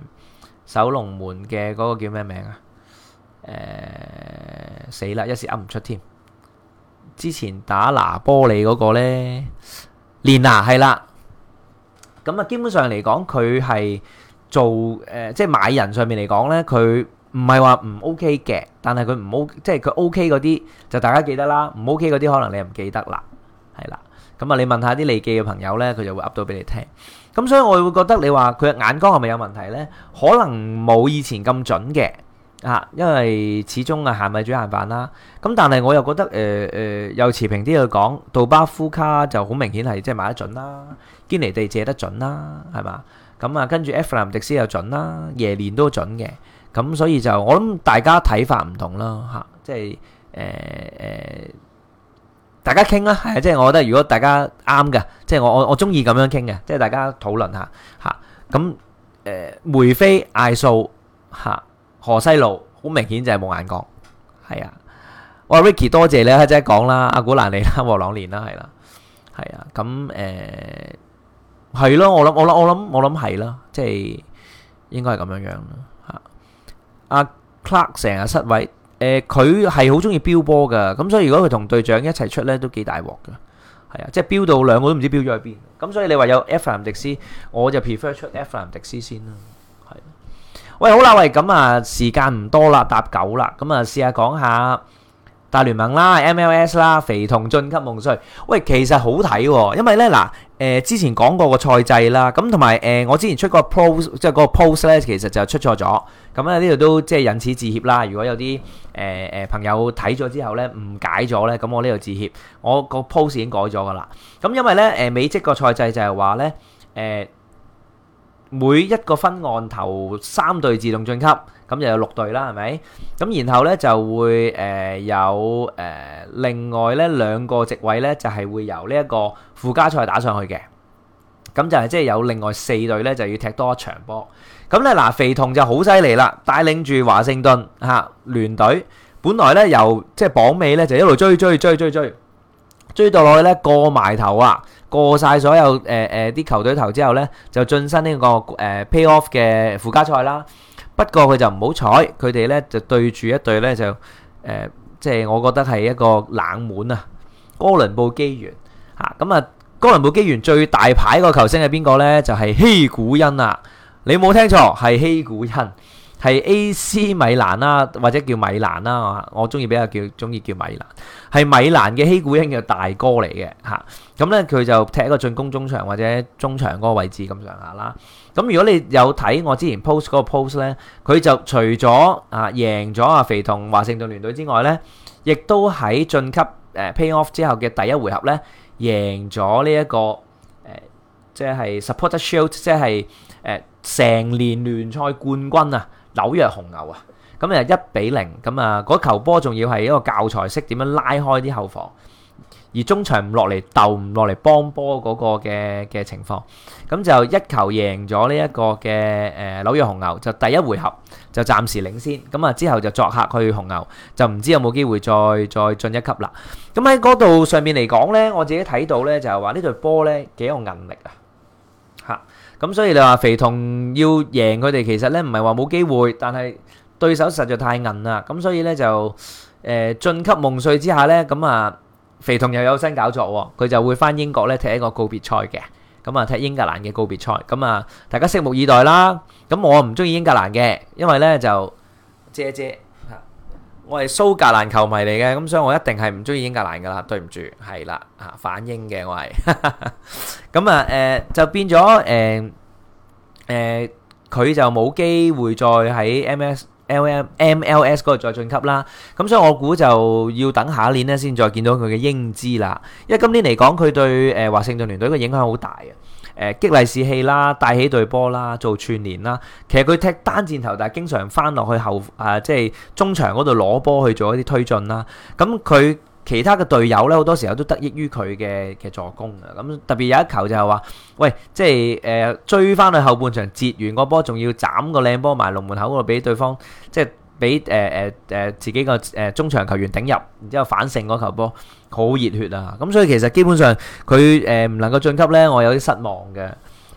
守龍門嘅嗰個叫咩名啊？誒、呃、死啦，一時噏唔出添。之前打拿波利嗰個咧，連拿係啦。咁啊、嗯，基本上嚟講，佢係做誒即係買人上面嚟講咧，佢。唔係話唔 OK 嘅，但係佢唔 OK，即係佢 OK 嗰啲就大家記得啦，唔 OK 嗰啲可能你又唔記得啦，係啦。咁啊，你問下啲利記嘅朋友咧，佢就會 update 到俾你聽。咁所以我會覺得你話佢眼光係咪有問題咧？可能冇以前咁準嘅啊，因為始終啊，咸米煮咸飯啦。咁、啊、但係我又覺得誒誒、呃呃，又持平啲去講，杜巴夫卡就好明顯係即係買得準啦，堅尼地借得準啦，係嘛？咁、嗯、啊，跟住費南迪斯又準啦，夜連都準嘅。咁所以就我諗大家睇法唔同啦，吓、啊，即係誒誒，大家傾啦，係啊，即係我覺得如果大家啱嘅，即係我我我中意咁樣傾嘅，即係大家討論下，吓、啊，咁、啊、誒梅飛艾素、吓、啊，河西路好明顯就係冇眼角。係啊，哇 Ricky 多謝你啊，即係講啦，阿古蘭尼啦，王朗年啦，係啦，係啊，咁誒係咯，我諗我諗我諗我諗係啦，即係應該係咁樣樣啦。阿 Clark 成日失位，誒佢係好中意飆波噶，咁所以如果佢同隊長一齊出咧，都幾大鑊噶，係啊，即係飆到兩個都唔知飆咗喺邊，咁所以你話有費蘭迪斯，X, 我就 prefer 出費蘭迪斯先喂好啦，係，喂好啦喂，咁啊時間唔多啦，搭九啦，咁啊試下講下。大聯盟啦、MLS 啦、肥童晉級夢碎，喂，其實好睇喎，哦，因為咧嗱，誒、呃、之前講過個賽制啦，咁同埋誒我之前出個 post，即係嗰個 post 咧，其實就出錯咗，咁咧呢度都即係引此致歉啦。如果有啲誒誒朋友睇咗之後咧誤解咗咧，咁我呢度致歉，我個 post 已經改咗噶啦。咁、嗯、因為咧誒、呃、美職個賽制就係話咧誒。呃每一個分岸頭三隊自動晉級，咁就有六隊啦，係咪？咁然後呢，就會誒有誒另外咧兩個席位呢，就係、是、會由呢一個附加賽打上去嘅，咁就係即係有另外四隊呢，就要踢多一場波。咁呢，嗱，肥童就好犀利啦，帶領住華盛頓嚇、啊、聯隊，本來呢，由即係、就是、榜尾呢，就一路追追追追追。追追追追追到落去咧，過埋頭啊，過晒所有誒誒啲球隊頭之後咧，就晉身呢、這個誒、呃、pay off 嘅附加賽啦。不過佢就唔好彩，佢哋咧就對住一隊咧就誒，即、呃、係、就是、我覺得係一個冷門啊。哥倫布機員嚇咁啊，哥倫布機員最大牌個球星係邊個咧？就係、是、希古恩啊！你冇聽錯，係希古恩。係 A.C. 米蘭啦，或者叫米蘭啦，我中意比較叫中意叫米蘭。係米蘭嘅希古因嘅大哥嚟嘅吓，咁咧佢就踢一個進攻中場或者中場嗰個位置咁上下啦。咁、嗯、如果你有睇我之前 post 嗰個 post 咧，佢就除咗啊贏咗阿肥同華盛頓聯隊之外咧，亦都喺晉級誒 pay off 之後嘅第一回合咧，贏咗呢一個誒，即、呃、係、就是、Supporters' Shield，即係誒成年聯賽冠軍啊！紐約紅牛啊，咁啊一比零，咁啊嗰球波仲要係一個教材式點樣拉開啲後防，而中場唔落嚟鬥唔落嚟幫波嗰個嘅嘅情況，咁就一球贏咗呢一個嘅誒紐約紅牛，就第一回合就暫時領先，咁啊之後就作客去紅牛，就唔知有冇機會再再進一級啦。咁喺嗰度上面嚟講咧，我自己睇到咧就係話呢隊波咧幾有韌力啊。咁所以你話肥童要贏佢哋，其實咧唔係話冇機會，但係對手實在太銀啦。咁所以咧就誒晉、呃、級夢碎之下咧，咁啊肥童又有新搞作喎，佢、哦、就會翻英國咧踢一個告別賽嘅，咁啊踢英格蘭嘅告別賽。咁啊大家拭目以待啦。咁我唔中意英格蘭嘅，因為咧就借。遮。我係蘇格蘭球迷嚟嘅，咁所以我一定係唔鍾意英格蘭噶啦，對唔住，係啦，嚇反英嘅我係，咁啊誒就變咗誒誒佢就冇機會再喺 MLS、LNM、MLS 嗰度再進級啦，咁所以我估就要等下一年咧先再見到佢嘅英姿啦，因為今年嚟講佢對誒華盛頓聯隊嘅影響好大嘅。誒激勵士氣啦，帶起隊波啦，做串連啦。其實佢踢單箭頭，但係經常翻落去後誒、呃，即係中場嗰度攞波去做一啲推進啦。咁佢其他嘅隊友咧，好多時候都得益於佢嘅嘅助攻啊。咁特別有一球就係話，喂，即係誒、呃、追翻去後半場截完個波，仲要斬個靚波埋龍門口嗰度俾對方，即係。俾誒誒誒自己個誒中場球員頂入，然之後反勝嗰球波，好熱血啊！咁所以其實基本上佢誒唔能夠晉級咧，我有啲失望嘅。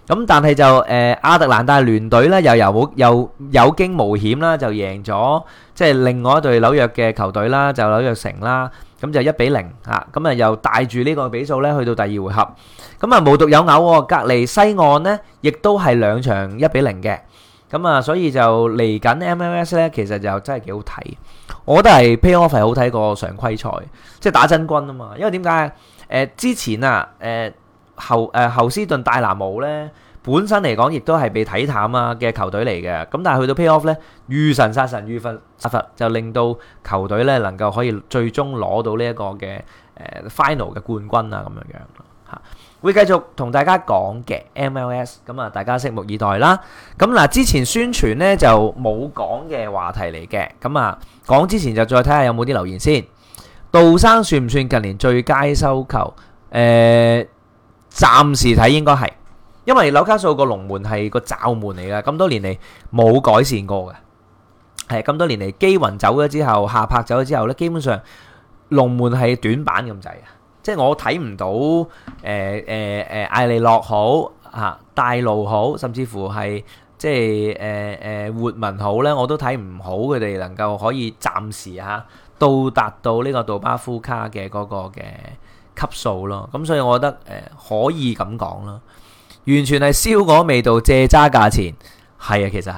咁但係就誒亞特蘭大聯隊咧，又有又有驚無險啦，就贏咗即係另外一隊紐約嘅球隊啦，就紐約城啦，咁就一比零嚇，咁啊又帶住呢個比數咧去到第二回合，咁啊無獨有偶，隔離西岸咧亦都係兩場一比零嘅。咁啊，所以就嚟緊 MLS 咧，其實就真係幾好睇。我覺得係 playoff 係好睇過常規賽，即係打真軍啊嘛。因為點解啊？之前啊，誒、呃、後誒、呃、侯斯頓戴拿姆咧，本身嚟講亦都係被睇淡啊嘅球隊嚟嘅。咁但係去到 playoff 咧，遇神殺神，遇佛殺佛，就令到球隊咧能夠可以最終攞到呢一個嘅誒、呃、final 嘅冠軍啊咁樣樣咯。會繼續同大家講嘅 MLS，咁啊大家拭目以待啦。咁嗱，之前宣傳咧就冇講嘅話題嚟嘅，咁啊講之前就再睇下有冇啲留言先。杜生算唔算近年最佳收購？誒、呃，暫時睇應該係，因為紐卡素個龍門係個罩門嚟噶，咁多年嚟冇改善過嘅。係咁多年嚟，基雲走咗之後，夏柏走咗之後咧，基本上龍門係短板咁滯即係我睇唔到，誒誒誒，艾利諾好嚇，大路好，甚至乎係即係誒誒活民好咧，我都睇唔好佢哋能夠可以暫時嚇到達到呢個杜巴夫卡嘅嗰個嘅級數咯。咁、嗯、所以，我覺得誒、呃、可以咁講啦，完全係燒鵝味道借渣價錢，係啊，其實係。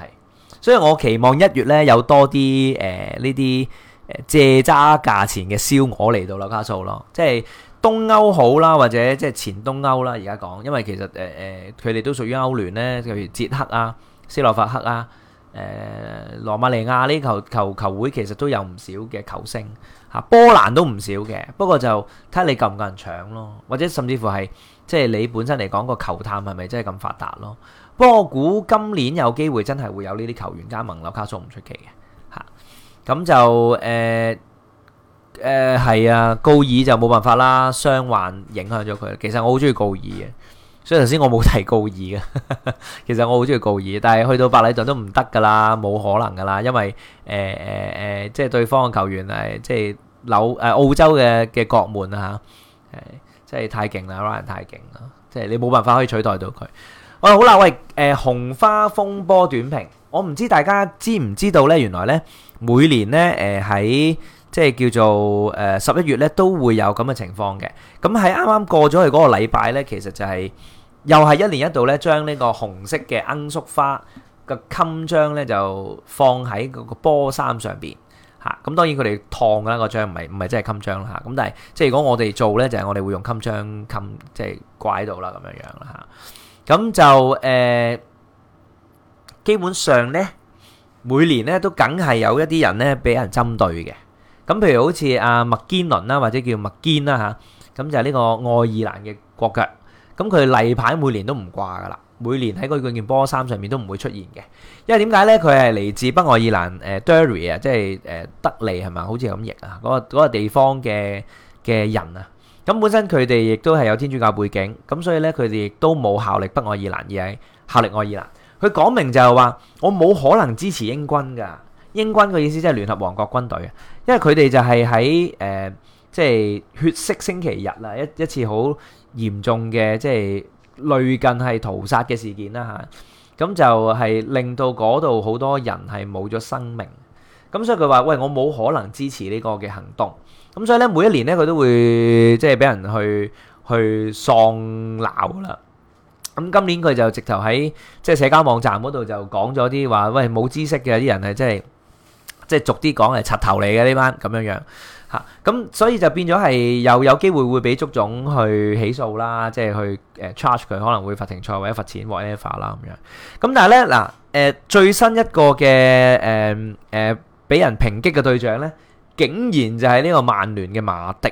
所以我期望一月咧有多啲誒呢啲誒借渣價錢嘅燒鵝嚟到樓卡數咯，即係。東歐好啦，或者即係前東歐啦，而家講，因為其實誒誒，佢、呃、哋、呃、都屬於歐聯咧，例如捷克啊、斯洛伐克啊、誒、呃、羅馬尼亞呢球球球會，其實都有唔少嘅球星嚇、啊，波蘭都唔少嘅，不過就睇你夠唔夠人搶咯，或者甚至乎係即係你本身嚟講個球探係咪真係咁發達咯？不、啊、過我估今年有機會真係會有呢啲球員加盟紐卡素，唔出奇嘅嚇，咁就誒。呃誒，係、呃、啊，高爾就冇辦法啦，傷患影響咗佢。其實我好中意高爾嘅，所以頭先我冇提高爾嘅。其實我好中意高爾，但係去到百里頓都唔得噶啦，冇可能噶啦，因為誒誒誒，即、呃、係、呃呃就是、對方嘅球員係即係紐誒澳洲嘅嘅國門啊，吓係即係太勁啦，Ryan 太勁啦，即、就、係、是、你冇辦法可以取代到佢、哎。好啦，喂，誒、呃、紅花風波短評，我唔知大家知唔知道咧？原來咧每年咧，誒、呃、喺。即係叫做誒十一月咧，都會有咁嘅情況嘅。咁喺啱啱過咗去嗰個禮拜咧，其實就係又係一年一度咧，將呢個紅色嘅罌粟花嘅襟章咧，就放喺嗰個波衫上面嚇。咁當然佢哋燙㗎啦，個章唔係唔係真係襟章啦嚇。咁但係即係如果我哋做咧，就係我哋會用襟章襟即係掛喺度啦咁樣樣啦嚇。咁就誒基本上咧，每年咧都梗係有一啲人咧俾人針對嘅。咁譬如好似阿麥堅倫啦，或者叫麥堅啦嚇，咁就係呢個愛爾蘭嘅國腳。咁佢例牌每年都唔掛噶啦，每年喺佢件波衫上面都唔會出現嘅。因為點解咧？佢係嚟自北愛爾蘭誒 Derry 啊，即係誒德利係嘛？好似咁譯啊，嗰個嗰個地方嘅嘅人啊。咁本身佢哋亦都係有天主教背景，咁所以咧佢哋亦都冇效力北愛爾蘭，而係效力愛爾蘭。佢講明就係話，我冇可能支持英軍㗎。英軍嘅意思即係聯合王國軍隊啊，因為佢哋就係喺誒，即係血色星期日啦，一一次好嚴重嘅即係類近係屠殺嘅事件啦嚇，咁啊就係令到嗰度好多人係冇咗生命，咁所以佢話：喂，我冇可能支持呢個嘅行動。咁所以咧，每一年咧，佢都會即係俾人去去喪鬧啦。咁今年佢就直頭喺即係社交網站嗰度就講咗啲話：喂，冇知識嘅啲人係真係。即係俗啲講係柒頭嚟嘅呢班咁樣樣嚇，咁所以就變咗係又有機會會俾足總去起訴啦，即係去誒 charge 佢，可能會罰停賽或者罰錢 whatever 啦咁樣。咁但係咧，嗱，誒最新一個嘅誒誒俾人抨擊嘅對象咧，竟然就係呢個曼聯嘅馬迪。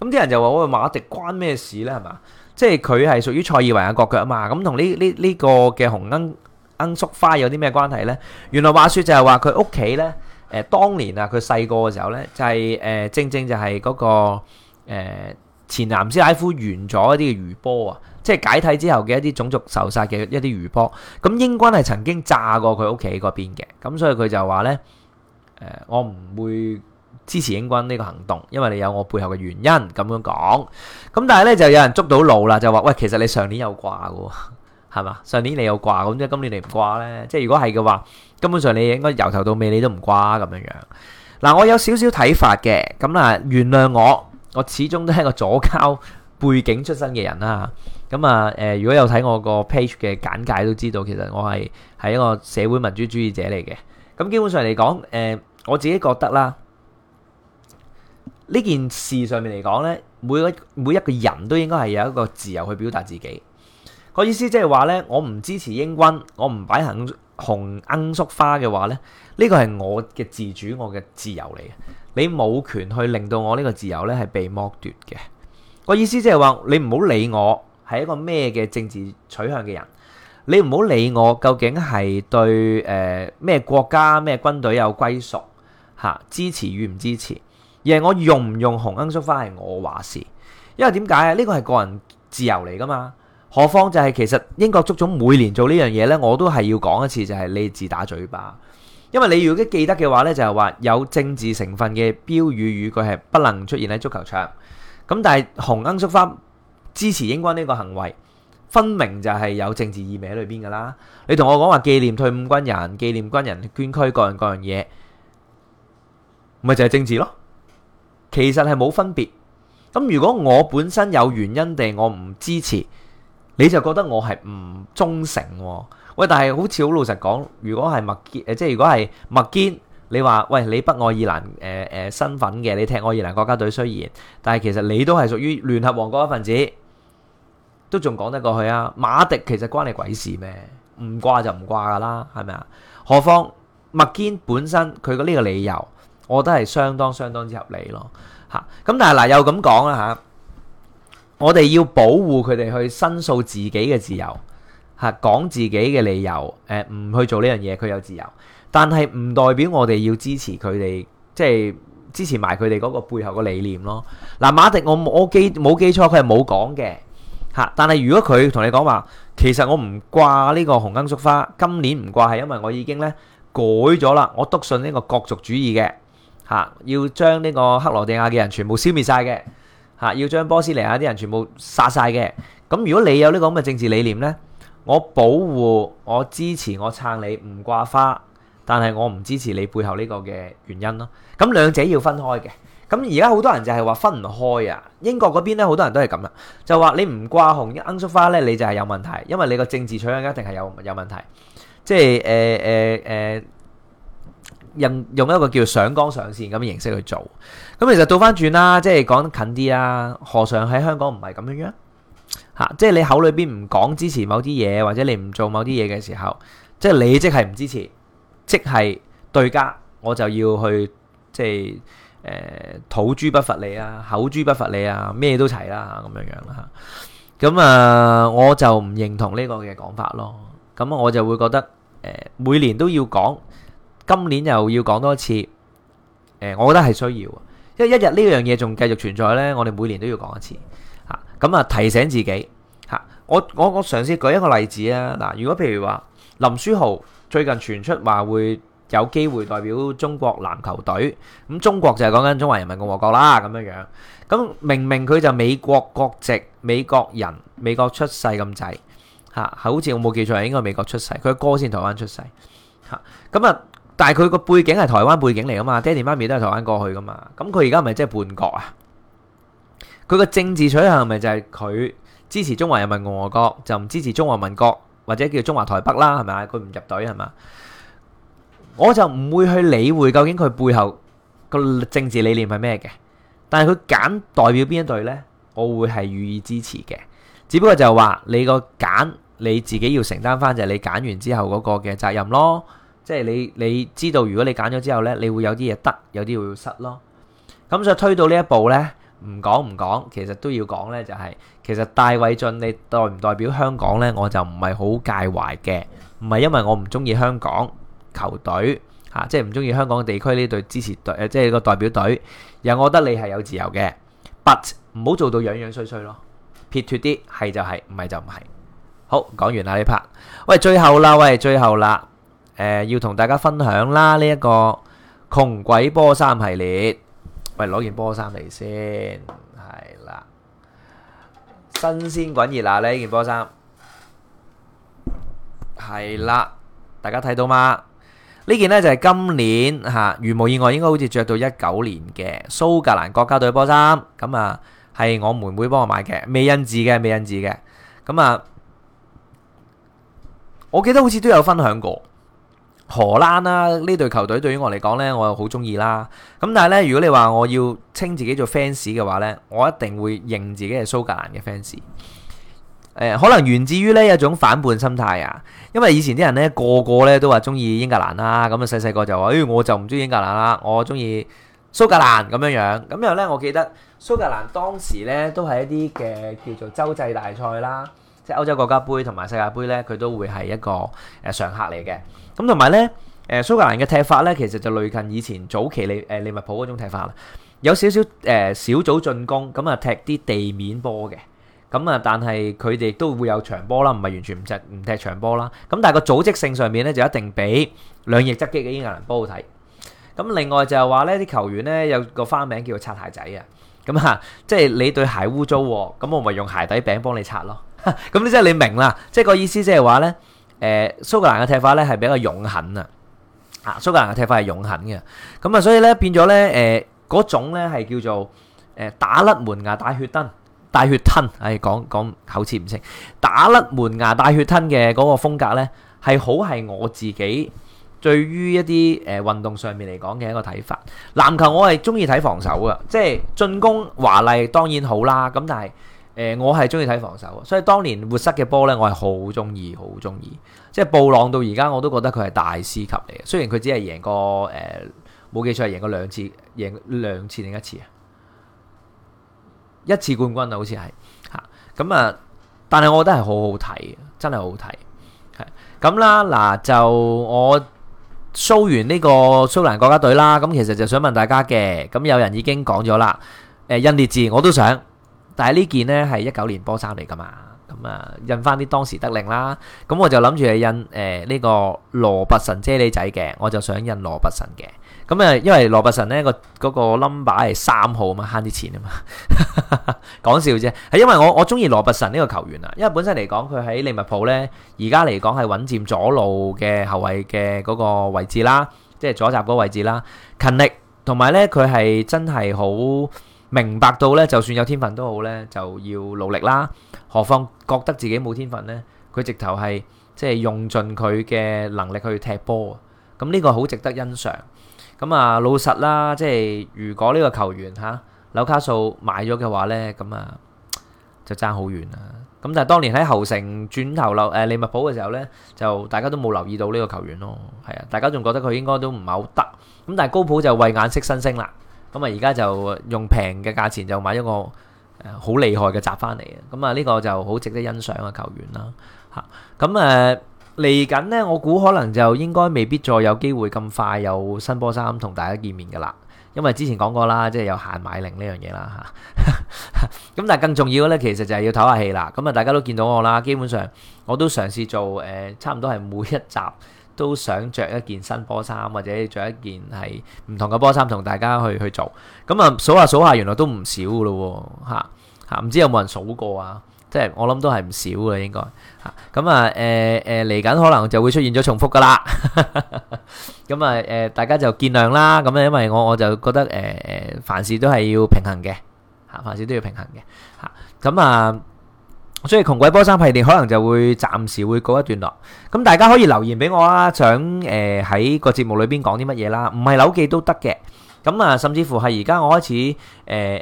咁啲人就話：喂，馬迪關咩事咧？係嘛？即係佢係屬於賽爾維亞國腳啊嘛。咁同呢呢呢個嘅紅罌罌粟花有啲咩關係咧？原來話説就係話佢屋企咧。誒、呃，當年啊，佢細個嘅時候呢就係誒，正正就係嗰、那個誒、呃、前南斯拉夫完咗一啲嘅餘波啊，即係解體之後嘅一啲種族仇殺嘅一啲餘波。咁、嗯、英軍係曾經炸過佢屋企嗰邊嘅，咁、嗯、所以佢就話呢誒、呃，我唔會支持英軍呢個行動，因為你有我背後嘅原因。咁樣講，咁、嗯、但係呢，就有人捉到漏啦，就話喂，其實你上年有掛嘅、哦。係嘛？上年你有掛，咁即係今年你唔掛咧？即係如果係嘅話，根本上你應該由頭到尾你都唔掛咁樣樣。嗱，我有少少睇法嘅，咁啊，原諒我，我始終都係一個左膠背景出身嘅人啦。咁啊，誒、呃，如果有睇我個 page 嘅簡介都知道，其實我係係一個社會民主主義者嚟嘅。咁基本上嚟講，誒、呃，我自己覺得啦，呢件事上面嚟講咧，每一每一個人都應該係有一個自由去表達自己。我個意思即係話咧，我唔支持英軍，我唔擺行紅罌粟花嘅話咧，呢個係我嘅自主，我嘅自由嚟嘅。你冇權去令到我呢個自由咧係被剝奪嘅。我個意思即係話，你唔好理我係一個咩嘅政治取向嘅人，你唔好理我究竟係對誒咩、呃、國家、咩軍隊有歸屬吓，支持與唔支持，而係我用唔用紅罌粟花係我話事。因為點解啊？呢個係個人自由嚟噶嘛。何況就係其實英國足總每年做呢樣嘢呢，我都係要講一次，就係、是、你自打嘴巴。因為你如果得記得嘅話呢就係、是、話有政治成分嘅標語語句係不能出現喺足球場。咁但係紅罌粟花支持英軍呢個行為，分明就係有政治意味喺裏邊噶啦。你同我講話紀念退伍軍人、紀念軍人捐軀、各樣各樣嘢，咪就係、是、政治咯。其實係冇分別。咁如果我本身有原因地我唔支持？你就覺得我係唔忠誠喎、啊？喂，但係好似好老實講，如果係麥堅，誒，即係如果係麥堅，你話喂，你北愛爾蘭誒誒、呃呃、身份嘅，你踢愛爾蘭國家隊，雖然，但係其實你都係屬於聯合王國一份子，都仲講得過去啊！馬迪其實關你鬼事咩？唔掛就唔掛噶啦，係咪啊？何況麥堅本身佢嘅呢個理由，我覺得係相當相當之合理咯，嚇！咁但係嗱，又咁講啦嚇。我哋要保護佢哋去申訴自己嘅自由，嚇講自己嘅理由，誒唔去做呢樣嘢，佢有自由，但係唔代表我哋要支持佢哋，即係支持埋佢哋嗰個背後嘅理念咯。嗱，馬迪，我我記冇記錯，佢係冇講嘅嚇，但係如果佢同你講話，其實我唔掛呢個紅罌粟花，今年唔掛係因為我已經咧改咗啦，我篤信呢個國族主義嘅嚇，要將呢個克羅地亞嘅人全部消滅晒嘅。嚇！要將波斯尼亞啲人全部殺晒嘅。咁如果你有呢個咁嘅政治理念呢，我保護、我支持、我撐你，唔掛花，但係我唔支持你背後呢個嘅原因咯。咁兩者要分開嘅。咁而家好多人就係話分唔開啊。英國嗰邊咧好多人都係咁啦，就話你唔掛紅罌粟花呢，你就係有問題，因為你個政治取向一定係有有問題。即係誒誒誒。呃呃呃用用一個叫上綱上線咁嘅形式去做，咁其實倒翻轉啦，即係講得近啲啦。何嘗喺香港唔係咁樣樣嚇，即係你口裏邊唔講支持某啲嘢，或者你唔做某啲嘢嘅時候，即係你即係唔支持，即係對家我就要去即係誒、呃、土豬不罰你啊，口豬不罰你啊，咩都齊啦咁樣樣啦嚇。咁啊、呃，我就唔認同呢個嘅講法咯。咁我就會覺得誒、呃、每年都要講。今年又要講多次，誒、呃，我覺得係需要，因為一日呢樣嘢仲繼續存在呢，我哋每年都要講一次嚇，咁啊、嗯、提醒自己嚇、啊。我我我嘗試舉一個例子啊，嗱，如果譬如話林書豪最近傳出話會有機會代表中國籃球隊，咁、嗯、中國就係講緊中華人民共和國啦，咁樣樣。咁、嗯、明明佢就美國國籍、美國人、美國出世咁滯嚇，好似我冇記錯係應該美國出世，佢哥先台灣出世嚇，咁啊。嗯嗯啊但係佢個背景係台灣背景嚟噶嘛？爹哋媽咪都係台灣過去噶嘛？咁佢而家咪即係叛國啊？佢個政治取向係咪就係佢支持中華人民共和國，就唔支持中華民國或者叫中華台北啦？係咪佢唔入隊係嘛？我就唔會去理會究竟佢背後個政治理念係咩嘅。但係佢揀代表邊一隊呢？我會係予以支持嘅。只不過就係話你個揀你自己要承擔翻，就係你揀完之後嗰個嘅責任咯。即係你你知道，如果你揀咗之後呢，你會有啲嘢得，有啲會失咯。咁再推到呢一步呢，唔講唔講，其實都要講呢、就是，就係其實戴偉浚你代唔代表香港呢，我就唔係好介懷嘅，唔係因為我唔中意香港球隊嚇，即係唔中意香港地區呢隊支持隊，即、就、係、是、個代表隊。然我覺得你係有自由嘅，but 唔好做到樣樣衰衰咯，撇脱啲係就係、是，唔係就唔係。好，講完啦，呢 part，喂，最後啦，喂，最後啦。誒，要同大家分享啦！呢一個窮鬼波衫系列，喂，攞件波衫嚟先，係啦，新鮮滾熱辣呢件波衫，係啦，大家睇到嗎？呢件呢就係今年吓，如無意外應該好似着到一九年嘅蘇格蘭國家隊波衫，咁啊係我妹妹幫我買嘅，未印字嘅，未印字嘅，咁啊，我記得好似都有分享過。荷蘭啦、啊，呢隊球隊對於我嚟講呢，我又好中意啦。咁但係呢，如果你話我要稱自己做 fans 嘅話呢，我一定會認自己係蘇格蘭嘅 fans。誒，可能源自於呢一種反叛心態啊，因為以前啲人呢個個呢都話中意英格蘭啦，咁啊細細個就話，誒、哎、我就唔中意英格蘭啦，我中意蘇格蘭咁樣樣。咁然後呢，我記得蘇格蘭當時呢都係一啲嘅叫做洲際大賽啦。即係歐洲國家杯同埋世界盃咧，佢都會係一個誒常、呃、客嚟嘅。咁同埋咧，誒、呃、蘇格蘭嘅踢法咧，其實就類近以前早期利誒、呃、利物浦嗰種踢法啦。有少少誒、呃、小組進攻，咁、嗯、啊踢啲地面波嘅。咁、嗯、啊，但係佢哋都會有長波啦，唔係完全唔踢唔踢長波啦。咁、嗯、但係個組織性上面咧，就一定比兩翼側擊嘅英格蘭波好睇。咁、嗯、另外就係話咧，啲球員咧有個花名叫做擦鞋仔啊。咁、嗯、啊、嗯，即係你對鞋污糟，咁、啊、我咪用鞋底餅幫你擦咯、啊。咁你即係你明啦，即係個意思即係話咧，誒，蘇格蘭嘅踢法咧係比較勇狠啊，啊，蘇格蘭嘅踢法係勇狠嘅，咁啊，所以咧變咗咧，誒，嗰種咧係叫做誒打甩門牙、帶血吞、帶血吞，係講講口齒唔清，打甩門牙、帶血吞嘅嗰個風格咧，係好係我自己對於一啲誒運動上面嚟講嘅一個睇法。籃球我係中意睇防守噶，即係進攻華麗當然好啦，咁但係。誒，我係中意睇防守，所以當年活塞嘅波呢，我係好中意，好中意。即係布朗到而家，我都覺得佢係大師級嚟嘅。雖然佢只係贏過誒，冇、呃、記錯係贏過兩次，贏兩次定一次啊，一次冠軍啊，好似係吓。咁啊，但係我覺得係好好睇，真係好好睇。咁啦，嗱就我 show 完呢個蘇蘭國家隊啦。咁其實就想問大家嘅，咁有人已經講咗啦。誒、啊，印列治我都想。但係呢件呢係一九年波衫嚟噶嘛，咁、嗯、啊印翻啲當時得令啦，咁、嗯、我就諗住係印誒呢、呃這個羅拔臣啫喱仔嘅，我就想印羅拔臣嘅，咁、嗯、啊因為羅拔臣呢、那個嗰 number 係三號啊嘛，慳啲錢啊嘛哈哈，講笑啫，係因為我我中意羅拔臣呢個球員啊，因為本身嚟講佢喺利物浦呢，而家嚟講係穩佔左路嘅後衞嘅嗰個位置啦，即係左閘嗰個位置啦，勤力同埋呢，佢係真係好。明白到咧，就算有天分都好咧，就要努力啦。何況覺得自己冇天分咧，佢直頭係即係用盡佢嘅能力去踢波。咁呢個好值得欣賞。咁啊，老實啦，即係如果呢個球員嚇紐卡素買咗嘅話咧，咁啊就爭好遠啦。咁但係當年喺侯城轉頭留誒、呃、利物浦嘅時候咧，就大家都冇留意到呢個球員咯。係啊，大家仲覺得佢應該都唔係好得。咁但係高普就慧眼識新星啦。咁啊，而家就用平嘅價錢就買一個誒好厲害嘅閘翻嚟啊！咁啊，呢個就好值得欣賞嘅球員啦嚇。咁誒嚟緊呢，我估可能就應該未必再有機會咁快有新波衫同大家見面噶啦，因為之前講過啦，即係有限買零呢樣嘢啦嚇。咁但係更重要嘅咧，其實就係要唞下氣啦。咁啊，大家都見到我啦，基本上我都嘗試做誒、呃，差唔多係每一集，都想著一件新波衫，或者著一件係唔同嘅波衫，同大家去去做。咁啊，數下數下，原來都唔少噶咯，嚇嚇，唔知有冇人數過啊？即係我諗都係唔少嘅應該。咁啊，誒誒，嚟緊可能就會出現咗重複噶啦。咁啊，誒，大家就見諒啦。咁啊，因為我我就覺得誒誒，凡事都係要平衡嘅，嚇，凡事都要平衡嘅，嚇。咁啊。所以窮鬼波衫系列可能就會暫時會告一段落，咁大家可以留言俾我啊，想誒喺，呃、個節目裏邊講啲乜嘢啦，唔係紐記都得嘅，咁啊甚至乎係而家我開始誒誒、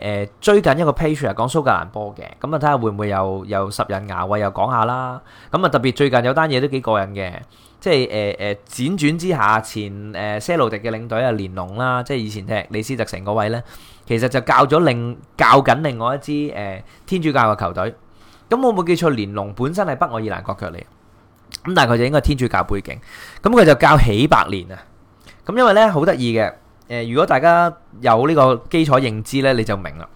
呃、追緊一個 page 嚟，啊、講蘇格蘭波嘅，咁啊睇下會唔會又又拾人牙慧又講下啦，咁啊特別最近有單嘢都幾過癮嘅，即係誒誒輾轉之下，前誒些路迪嘅領隊啊連儂啦，即係以前踢李斯特城嗰位咧，其實就教咗另教緊另外一支誒，呃、天主教嘅球隊。咁我冇記錯，連龍本身係北愛爾蘭國腳嚟，咁但係佢就應該天主教背景，咁佢就教起白蓮啊，咁因為咧好得意嘅，誒如果大家有呢個基礎認知咧，你就明啦。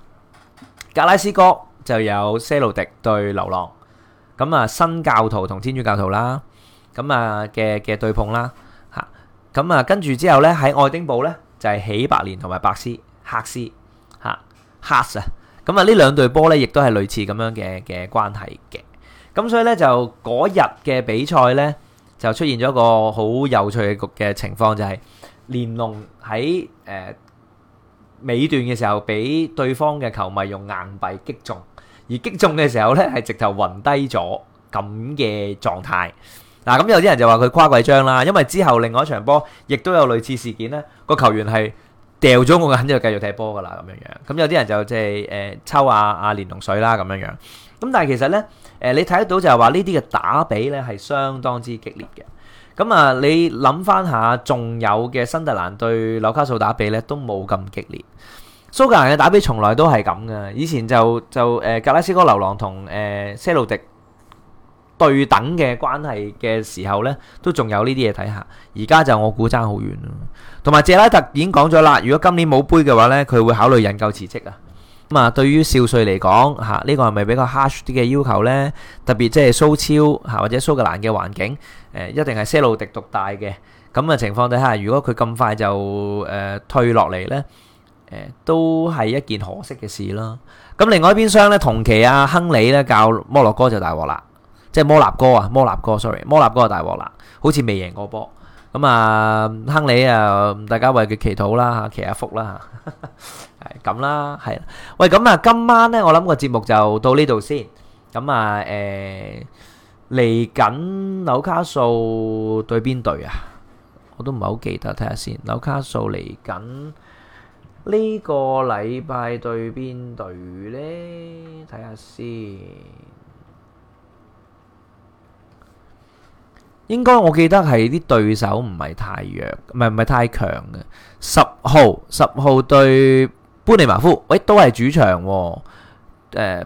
格拉斯哥就有西路迪對流浪，咁啊新教徒同天主教徒啦，咁啊嘅嘅對碰啦嚇，咁啊跟住之後咧喺愛丁堡咧就係起白蓮同埋白絲黑絲嚇黑啊！咁啊，呢兩隊波咧，亦都係類似咁樣嘅嘅關係嘅。咁所以咧，就嗰日嘅比賽咧，就出現咗一個好有趣嘅局嘅情況，就係連龍喺誒尾段嘅時候，俾對方嘅球迷用硬幣擊中，而擊中嘅時候咧，係直頭暈低咗咁嘅狀態。嗱，咁有啲人就話佢誇鬼張啦，因為之後另外一場波，亦都有類似事件咧，個球員係。掉咗我嘅，喺度繼續踢波噶啦，咁樣樣。咁有啲人就即係誒抽阿阿連龍水啦，咁樣樣。咁但係其實咧，誒你睇得到就係話呢啲嘅打比咧係相當之激烈嘅。咁啊，你諗翻下，仲有嘅新特蘭對紐卡素打比咧都冇咁激烈。蘇格蘭嘅打比從來都係咁嘅。以前就就誒格拉斯哥流浪同誒西路迪。對等嘅關係嘅時候呢，都仲有呢啲嘢睇下。而家就我估爭好遠同埋謝拉特已經講咗啦，如果今年冇杯嘅話呢，佢會考慮引咎辭職啊。咁啊、嗯，嗯、對於少帥嚟講嚇，呢、啊這個係咪比較 harsh 啲嘅要求呢？特別即係蘇超嚇、啊、或者蘇格蘭嘅環境，誒、啊、一定係西路迪獨大嘅咁嘅情況底下，如果佢咁快就誒、呃、退落嚟呢，啊、都係一件可惜嘅事咯。咁、啊、另外一邊廂呢同期啊亨利呢教摩洛哥就大鑊啦。即係摩納哥啊，摩納哥，sorry，摩納哥啊大鑊啦，好似未贏過波。咁啊，亨利啊，大家為佢祈禱啦，祈下福啦，係咁啦，係。喂，咁啊，今晚咧，我諗個節目就到呢度先。咁啊，誒，嚟緊紐卡素對邊隊啊？我都唔係好記得，睇下先。紐卡素嚟緊呢個禮拜對邊隊咧？睇下先。應該我記得係啲對手唔係太弱，唔係唔係太強嘅。十號十號對般尼馬夫，喂、哎、都係主場喎、啊呃。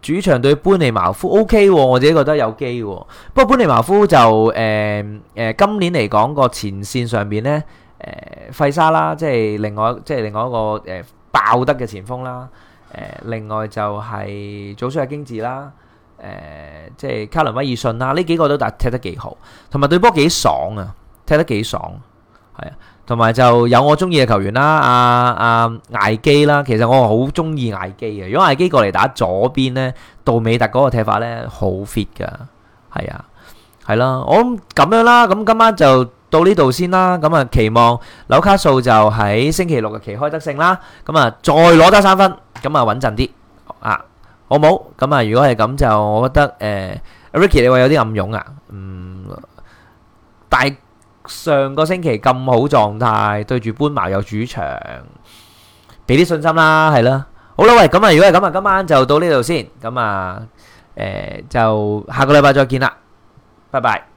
主場對般尼馬夫 OK，啊、我自己覺得有機喎、啊。不過般尼馬夫就誒誒、呃、今年嚟講個前線上邊咧，誒、呃、費沙啦，即係另外即係另外一個誒、呃、爆得嘅前鋒啦。誒、呃、另外就係祖蘇係京治啦。誒，即係卡倫威爾遜啦，呢幾個都打踢得幾好，同埋對波幾爽啊，踢得幾爽，係啊，同埋就有我中意嘅球員啦，阿阿艾基啦，其實我好中意艾基嘅，如果艾基過嚟打左邊咧，杜美特嗰個踢法咧好 fit 㗎，係啊，係啦，我諗咁樣啦，咁今晚就到呢度先啦，咁啊期望紐卡素就喺星期六嘅旗開得勝啦，咁啊再攞多三分，咁啊穩陣啲啊！我冇，咁啊，如果係咁就，我覺得，誒，Ricky 你話有啲暗湧啊，嗯，大上個星期咁好狀態，對住搬茅又主場，俾啲信心啦，係啦，好啦，喂，咁啊，如果係咁啊，今晚就到呢度先，咁啊，誒，就下個禮拜再見啦，拜拜。